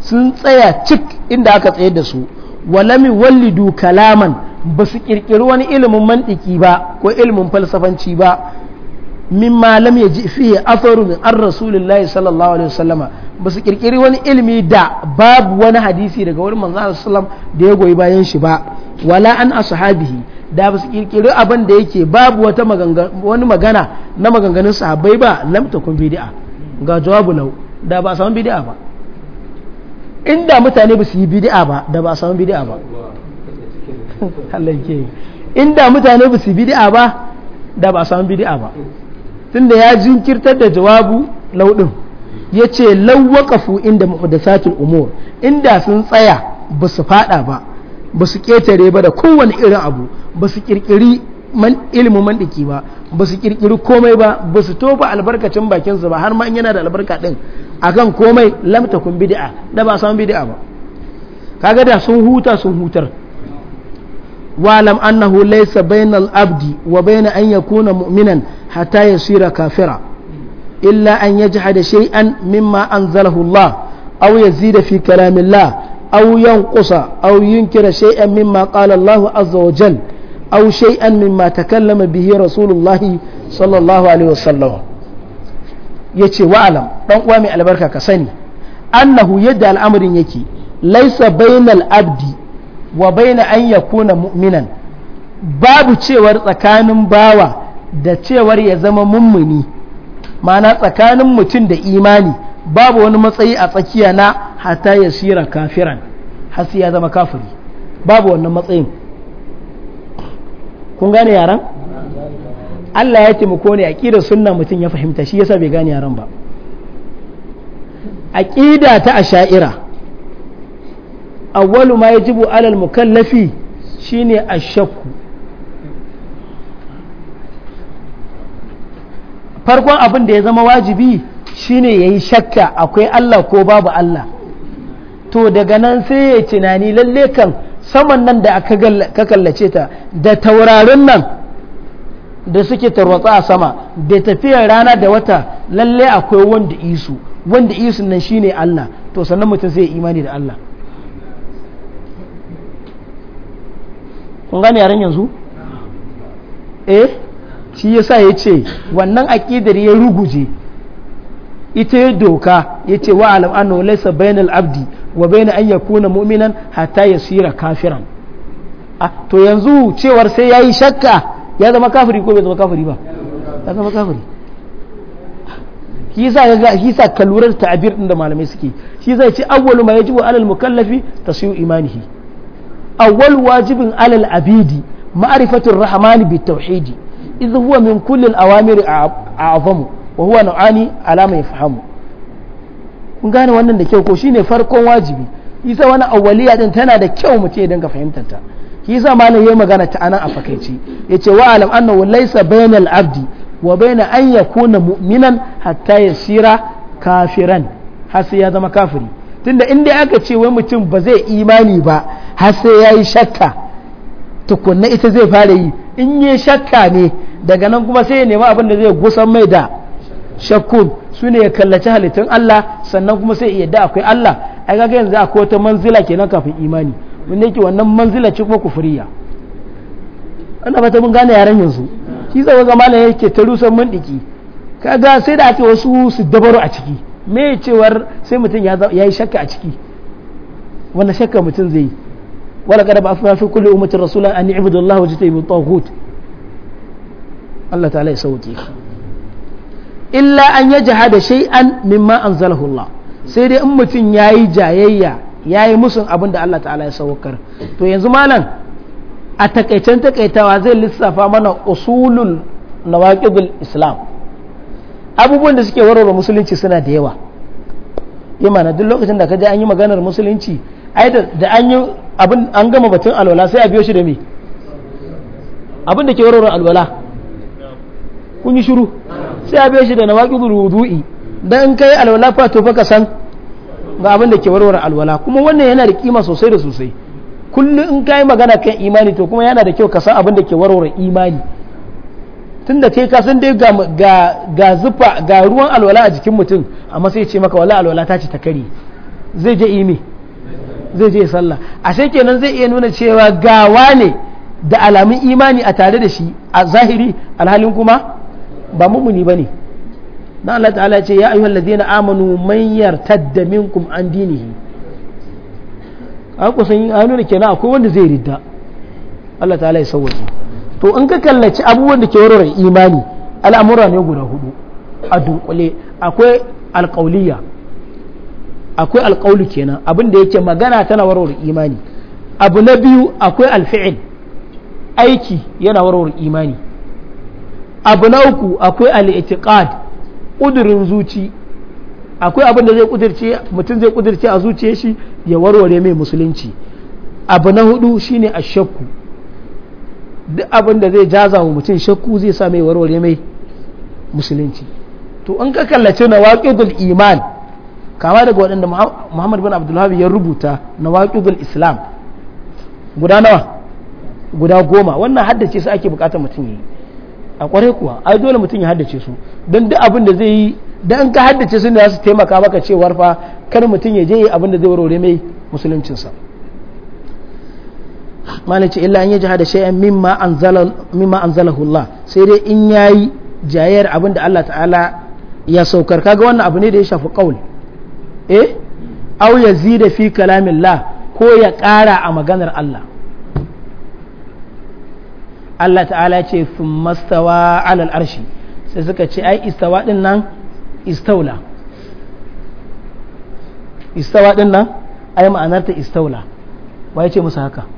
sun tsaya cik inda aka tsayar da su wala mi wallidu kalaman ba su kirkiri wani ilimin mantiki ba ko ilimin falsafanci ba mimma lam fiye a atharu min an rasulillahi sallallahu alaihi wasallama ba su kirkiri wani ilimi da babu wani hadisi daga wurin manzo sallam da ya goyi bayan shi ba wala an ashabihi da ba su kirkiri abin da yake babu wata wani magana na maganganun sahabbai ba lam kun bidi'a ga jawabu lau da ba samu bidi'a ba inda mutane ba su yi bidi'a ba da ba samu bidi'a ba inda mutane ba su yi bidi'a ba da ba samu bidi'a ba tunda ya jinkirtar da jawabu laudin ya ce lawwakafu inda muhdathatul umur inda sun tsaya ba su fada ba ba su ketare ba da kowane irin abu ba su kirkiri man ilimin mandiki ba ba su kirkiri komai ba ba su tofa albarkacin bakinsu ba har ma in yana da albarka din kan komai lamta kun bid'a da ba san bid'a ba kaga da sun huta sun hutar واعلم أنه ليس بين الأبد وبين أن يكون مؤمنا حتى يصير كافرا إلا أن يجحد شيئا مما أنزله الله أو يزيد في كلام الله أو ينقص أو ينكر شيئا مما قال الله عز وجل أو شيئا مما تكلم به رسول الله صلى الله عليه وسلم يتي واعلم دون قوامي على بركة كسني أنه يدى الأمر يكي ليس بين الأبد wa baina an yakuna mu'minan babu cewar tsakanin bawa da cewar ya zama mummuni ma'ana tsakanin mutum da imani babu wani matsayi a tsakiya na hata ya shira kafiran har ya zama kafiri babu wannan matsayin kun gane yaran Allah ya taimako ne aqidar sunna mutum ya fahimta shi yasa bai gane yaran ba aqida ta asha'ira awwalu ma yajibu alal mukallafi shine ashakku farkon abin da ya zama wajibi shine yayi shakka akwai Allah ko babu Allah to daga nan sai ya tunani lalle kan saman nan da aka kallace ta da taurarin nan da suke tarwatsa a sama da tafiyar rana da wata lalle akwai wanda isu wanda isu nan shine Allah to sannan mutum sai ya imani da Allah kun gane yaren yanzu eh shi yasa ya ce wannan aƙidar ya ruguje ita ya doka ya ce wa alam anna bainal abdi wa bain an yakuna mu'minan ya yasira kafiran a to yanzu cewar sai yi shakka ya zama kafiri ko bai zama kafiri ba ya zama kafiri kisa ga kisa kalurar ta'abir din da malamai suke shi zai ce awwalu ma yajibu alal mukallafi tasiyu imanihi awwal wajibin alal abidi ma'rifatul rahmani bit tauhidi idh huwa min kulli awamiri a'zamu wa huwa nau'ani kun gane wannan da kyau ko shine farkon wajibi isa wani awwaliya din tana da kyau mutum ya dinga fahimta ta yasa malam yayi magana ta anan a fakaice yace wa alam annahu laysa bainal abdi wa baina an yakuna mu'minan hatta yasira kafiran har sai ya zama kafiri tunda in dai aka ce wai mutum ba zai imani ba har sai ya yi shakka tukunna ita zai fara yi in yi shakka ne daga nan kuma sai ya nema abin da zai gusan mai da shakkun su ne ya kallaci halittun Allah sannan kuma sai ya yadda akwai Allah ai kaga yanzu akwai wata manzila kenan kafin imani wanda yake wannan manzila ce kuma kufuriya ana fata mun gane yaren yanzu shi tsawon ga malam yake ta rusan mun diki kaga sai da ake wasu su dabaru a ciki me cewar sai mutum ya yi shakka a ciki wannan shakka mutum zai yi wala kada ba afna fi kulli ummatin rasulan an ibudu Allah wajta ibu taghut Allah ta'ala ya sauke illa an yajhada shay'an mimma anzalahu Allah sai dai in mutum yayi jayayya yayi musun abin da Allah ta'ala ya saukar to yanzu malam a takaicen takaitawa zai lissafa mana usulul nawaqidul islam abubuwan da suke warware musulunci suna da yawa yamma na duk lokacin da ka ji an yi maganar musulunci ai da an yi abin an gama batun alwala sai a biyo shi da me abin da ke warware alwala kun yi shiru sai a biyo shi da waƙi wudu'i dan kai alwala fa to fa ka san ga abin da ke warware alwala kuma wannan yana da kima sosai da sosai kullum in kai magana kan imani to kuma yana da kyau ka san abin da ke warware imani tun kai ka san dai ga zufa ga ruwan alwala a jikin mutum amma sai ce maka wala alwala ta ce ta kare zai je ime zai je sallah ashe kenan zai iya nuna cewa gawa ne da alamun imani a tare da shi a zahiri alhalin kuma ba ba ne na Allah ta'ala ce ya ayyuhal ladina amanu man yartadda minkum an dinihi a kusan an nuna kenan akwai wanda zai ridda Allah ta'ala ya sauwace to in ka kallaci abubuwan da ke warware imani al'amura ne guda hudu a dunkule akwai alƙauliya akwai alƙauli kenan abin da yake magana tana warware imani abu na biyu akwai alfi'il aiki yana warware imani abu na uku akwai al'itiqad ƙudurin zuci akwai abin da zai mutum zai kudirce a zuciya shi ya warware mai musulunci abu na hudu shine ashakku duk abin da zai jaza wa mutum shakku zai sa mai warware mai musulunci to an ka kallace na waƙidul iman kama daga waɗanda muhammad bin abdullahi ya rubuta na waƙidul islam guda nawa guda goma wannan haddace su ake bukatar mutum ya yi a kwarai kuwa ai dole mutum ya haddace su don duk abin da zai yi don ka haddace su ne za su taimaka maka cewar fa kar mutum ya je yi abin da zai warware mai musuluncinsa malin ce illa an yi da shay'an mimma mimma anzalahu sai dai in ya yi jayar abin da Allah ta'ala ya saukar kaga wannan abu ne da ya shafi qaul eh zi da fi kalamin la ko ya ƙara a maganar Allah Allah ta'ala ce thumma mastawa alal arshi sai suka ce ai istawa din nan istaula istawa din nan ai ma'anarta istaula wai ce musu haka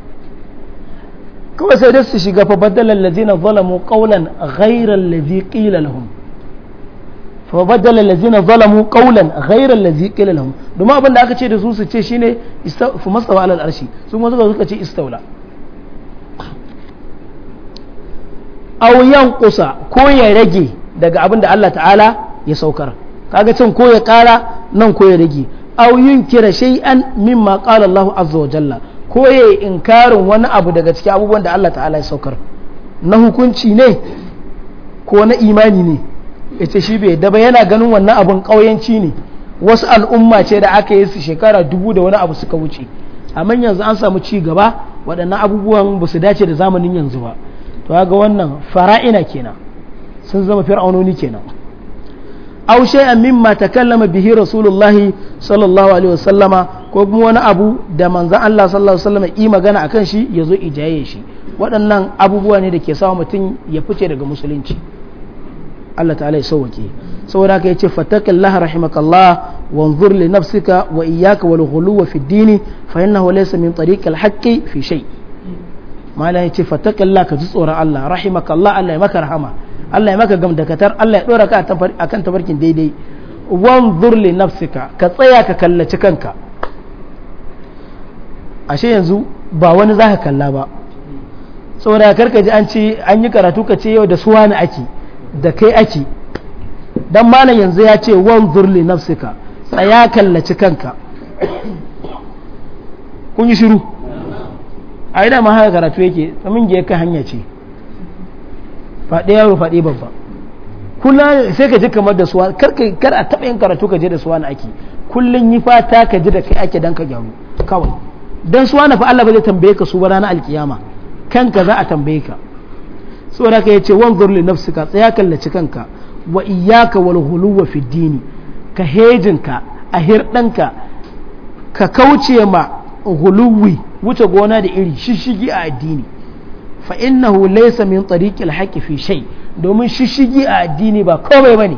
kuma sai dai su shiga fa badala allazina zalamu qawlan ghayra allazi qila lahum fa badala allazina zalamu qawlan ghayra allazi qila lahum domin abin da aka ce da su su ce shine fu mastawa alal arshi su kuma suka suka ce istawla aw yanqusa ko ya rage daga abin da Allah ta'ala ya saukar kaga cin ko ya kara nan ko ya rage aw yunkira shay'an mimma qala Allahu azza wa jalla ko ya yi inkarin wani abu daga cikin abubuwan da Allah ta'ala ya saukar na hukunci ne ko na imani ne ita shi bai da yana ganin wannan abun ƙauyenci ne wasu al'umma ce da aka yi su shekara dubu da wani abu suka wuce amma yanzu an samu ci gaba waɗannan abubuwan ba su dace da zamanin yanzu ba to ga wannan fara'ina kenan sun zama fir'aunoni kenan aw shay'an mimma takallama bihi rasulullahi sallallahu alaihi wasallama ko kuma wani abu da manzan Allah sallallahu alaihi wasallama yi magana akan shi ya zo ijaye shi waɗannan abubuwa ne da ke sawa mutum ya fice daga musulunci Allah ta'ala ya sauke saboda haka yace fattaqillaha rahimakallah wanzur li nafsika wa iyyaka wal ghuluwa fi dini fa innahu laysa min tariqil haqqi fi shay malam yace fattaqillaha ka ji tsoron Allah rahimakallah Allah ya maka rahama Allah ya maka gamdakatar Allah ya dora ka akan tabarkin daidai wanzur li nafsika ka tsaya ka kallaci kanka ashe yanzu ba wani zaka kalla ba saboda karka ji an ce an yi karatu ka ce yau da suwa na ake da kai ake dan malam yanzu ya ce wanzur li nafsika tsaya kallaci kanka kun yi shiru a idan ma haka karatu yake tsamin ga kai hanya ce faɗi yaro faɗi babba sai ka ji kamar da suwa kar kar a taɓa yin karatu ka je da suwa na ake kullum yi fata ka ji da kai ake dan ka gyaru kawai dan suwa na fa Allah ba zai tambaye ka su ba ranar alkiyama kanka za a tambaye ka saboda ka yace zur li nafsika tsaya kallaci kanka wa iyyaka wal huluwa fi dini ka hejinka a hirdanka ka kauce ma huluwi wuce gona da iri shishigi a addini fa innahu laysa min tariqil haqqi fi shay domin shishigi a addini ba komai bane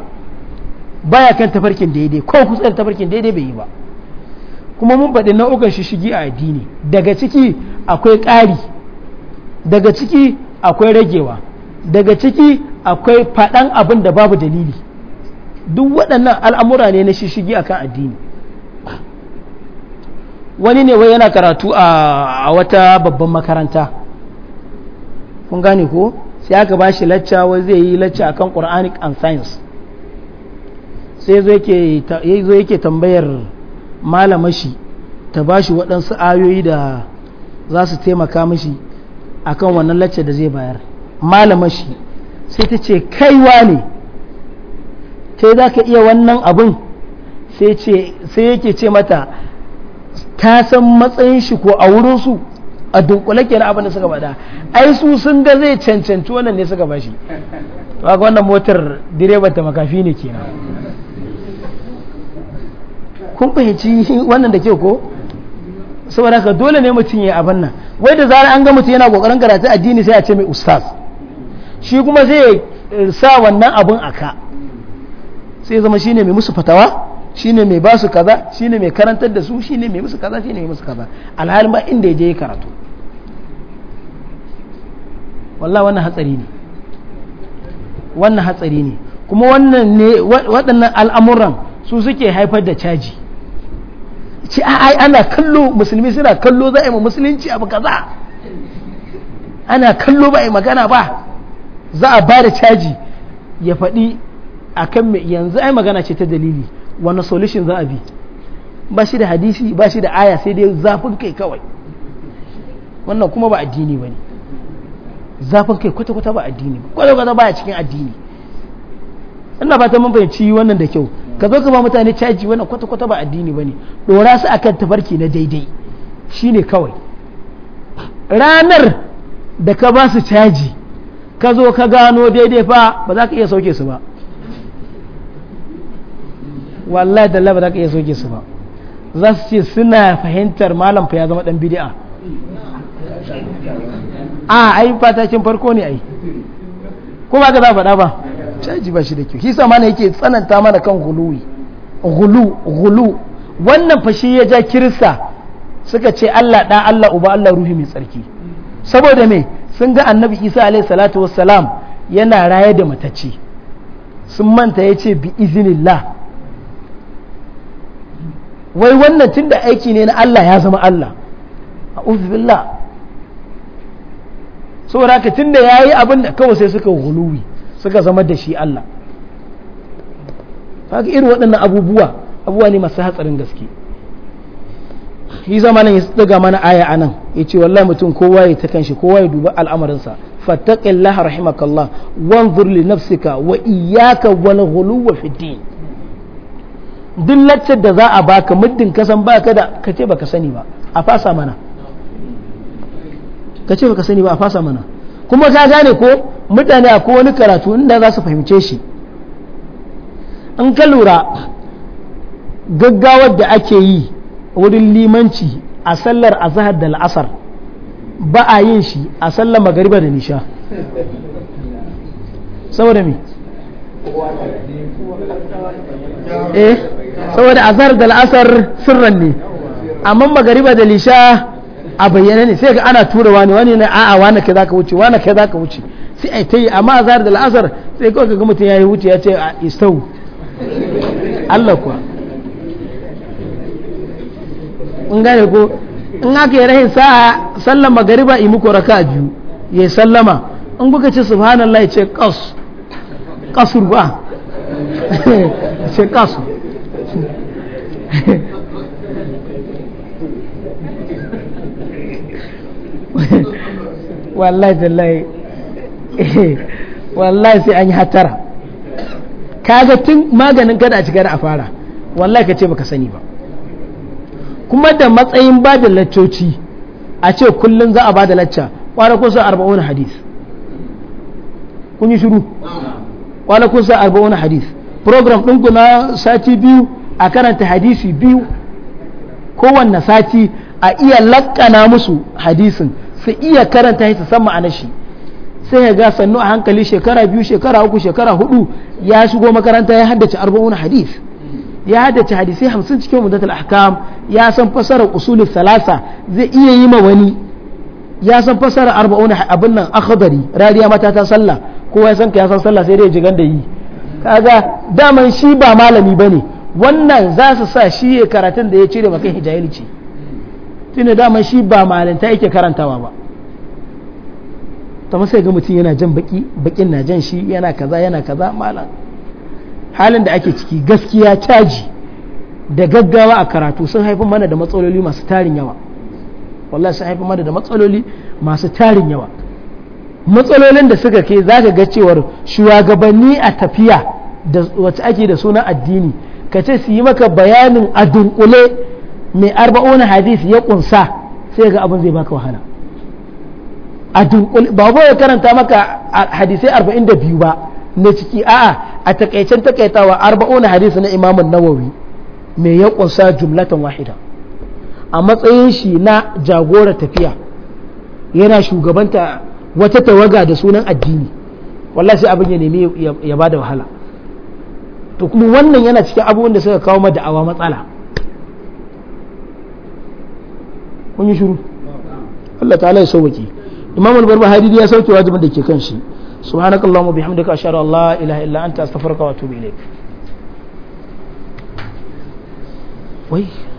baya kan tafarkin daidai ko kusa da tafarkin daidai bai yi ba kuma mun faɗi nau'ukan shishigi a addini daga ciki akwai ƙari daga ciki akwai ragewa daga ciki akwai faɗan abin da babu dalili duk waɗannan al'amura ne na shishigi akan addini wani ne wai yana karatu a wata babban makaranta kun gane ko sai aka ba shi lacca wai zai yi lacca akan quranic and science sai zo yake tambayar malamashi ta ba shi waɗansu ayoyi da za su taimaka mashi akan wannan lacca da zai bayar malama shi sai ta ce kaiwa ne sai za ka iya wannan abun sai yake ce mata ta san matsayin shi ko a wurinsu a dunkule kenan abin da suka bada ai su sun ga zai cancanci wannan ne suka bashi to ga wannan motar direban ta makafi ne kenan kun fahimci wannan da ke ko saboda haka dole ne mutum ya abin nan wai da zarar an ga mutum yana kokarin karatu addini sai a ce mai ustaz shi kuma sai eh, sa wannan abun aka sai zama shine mai musu fatawa shi ne mai basu kaza shi ne mai karantar da su shi ne mai musu kaza shi ne mai musu kaza alhalin ba inda ya je karatu wallahi wannan hatsari ne wannan hatsari ne kuma wannan ne waɗannan al'amuran su suke haifar da caji A ai ana kallo musulmi suna kallo za a yi musulunci abu kaza ana kallo ba a yi magana ba za a ba da caji ya faɗi a kan yanzu ai magana ce ta dalili wani solution za a bi ba shi da hadisi ba shi da aya sai dai zafin kai kawai wannan kuma ba addini ba ne zafin kai kwata-kwata ba addini kwata-kwata ba cikin addini ina ba ta mun ci wannan da kyau ka zo ka ba mutane caji wannan kwata-kwata ba addini ba ne su akan tafarki na daidai shine kawai ranar da ka ba su caji ka zo ka gano daidai fa ba za ka iya sauke su ba wallahi da ba za ka iya sauke su ba za su ce suna fahimtar malam fa ya zama dan bid'a a ai fatakin farko ne ai ko ba ka za faɗa ba caji ba shi da kyau hisa mana yake tsananta mana kan guluwi gulu gulu wannan fashi ya ja kirista suka ce Allah da Allah uba Allah ruhi mai tsarki saboda me sun ga annabi isa alaihi salatu wassalam yana raye da matace sun manta ya ce bi izinillah wai wannan tunda aiki ne na Allah ya zama Allah a billah saboda haka tunda yi abin da kawai sai suka huluwi suka zama da shi Allah haka irin waɗannan abubuwa abubuwa ne masu hatsarin gaske yi zamanin ya daga mana aya a nan ya ce wallahi mutum kowa ya ta kanshi kowa ya duba al'amarinsa lahar rahimakallah wan zurli nafsika wa iyaka wani ghuluw duk laccar da za a baka muddin kasan baka da kace baka sani ba a fasa mana ka ce baka sani ba a fasa mana kuma ka gane ko mutane a wani karatu inda za su fahimce shi an ka lura gaggawar da ake yi wurin limanci a sallar azahar da la'asar ba a yin shi a sallar magariba da nisha saboda mi eh saboda azahar da la'asar sirran ne amma magariba da nisha. a bayyana ne sai ga ana tura wani wani na a'a wani kai zaka wuce wani kai zaka wuce sai ai tayi amma azhar da la'asar sai kawai ga mutum yayi wuce ya ce a istau Allah kuwa in gane ko in aka yi rahin sa'a sallan magariba yi muku raka biyu ya sallama in kuka ce subhanallah ya ce qas qasur ba ce qasur wallahi tallahi wallahi sai an yi hatara kaga tun maganin kada a cigar da a fara wallahi ka ce baka sani ba kuma da matsayin ba da laccoci a ce kullum za a ba da lacca kwana kusa arba'un hadis kun yi shiru kwana kusa arba'un hadis program ku na sati biyu a karanta hadisi biyu kowanne sati a iya lakkana musu hadisin su iya karanta shi su san ma'anar shi sai ga sannu a hankali shekara biyu shekara uku shekara hudu ya shigo makaranta ya haddace arba'una hadis ya haddace hadisai hamsin cikin mudatul ahkam ya san fasara usulul salasa zai iya yi ma wani ya san fasara arba'un abin nan akhdari rariya mata ta sallah kowa ya san ka ya san sallah sai dai jigan da yi kaga daman shi ba malami bane wannan za su sa shi ya karatun da ya cire maka hijayilci tunda dama shi ba malinta yake karantawa ba ta sai ga mutum yana jan baki bakin na jan shi yana kaza yana kaza malam halin da ake ciki gaskiya caji da gaggawa a karatu sun haifin mana da matsaloli masu tarin yawa wallahi sun haifin mana da matsaloli masu tarin yawa matsalolin da suka kai za ka ga cewar shugabanni a tafiya wacce ake da suna addini ka ce su yi maka bayanin a dunkule mai arba'una hadis ya kunsa sai ga abin zai baka wahala a dunkul ba ba ya karanta maka hadisai arba'in da biyu ba na ciki a'a a takaicen takaitawa arba'un hadis na imamun nawawi mai ya kunsa jumlatan wahida a matsayin shi na jagora tafiya yana shugabanta wata tawaga da sunan addini wallahi sai abin ya nemi ya bada wahala to kuma wannan yana cikin abubuwan da suka kawo ma awa matsala kun yi shiru Allah ta'ala ya sauwaki imam al-barbahari ya sauke wajibin da ke kan shi subhanakallahumma bihamdika ashhadu an la ilaha illa anta astaghfiruka wa atubu wai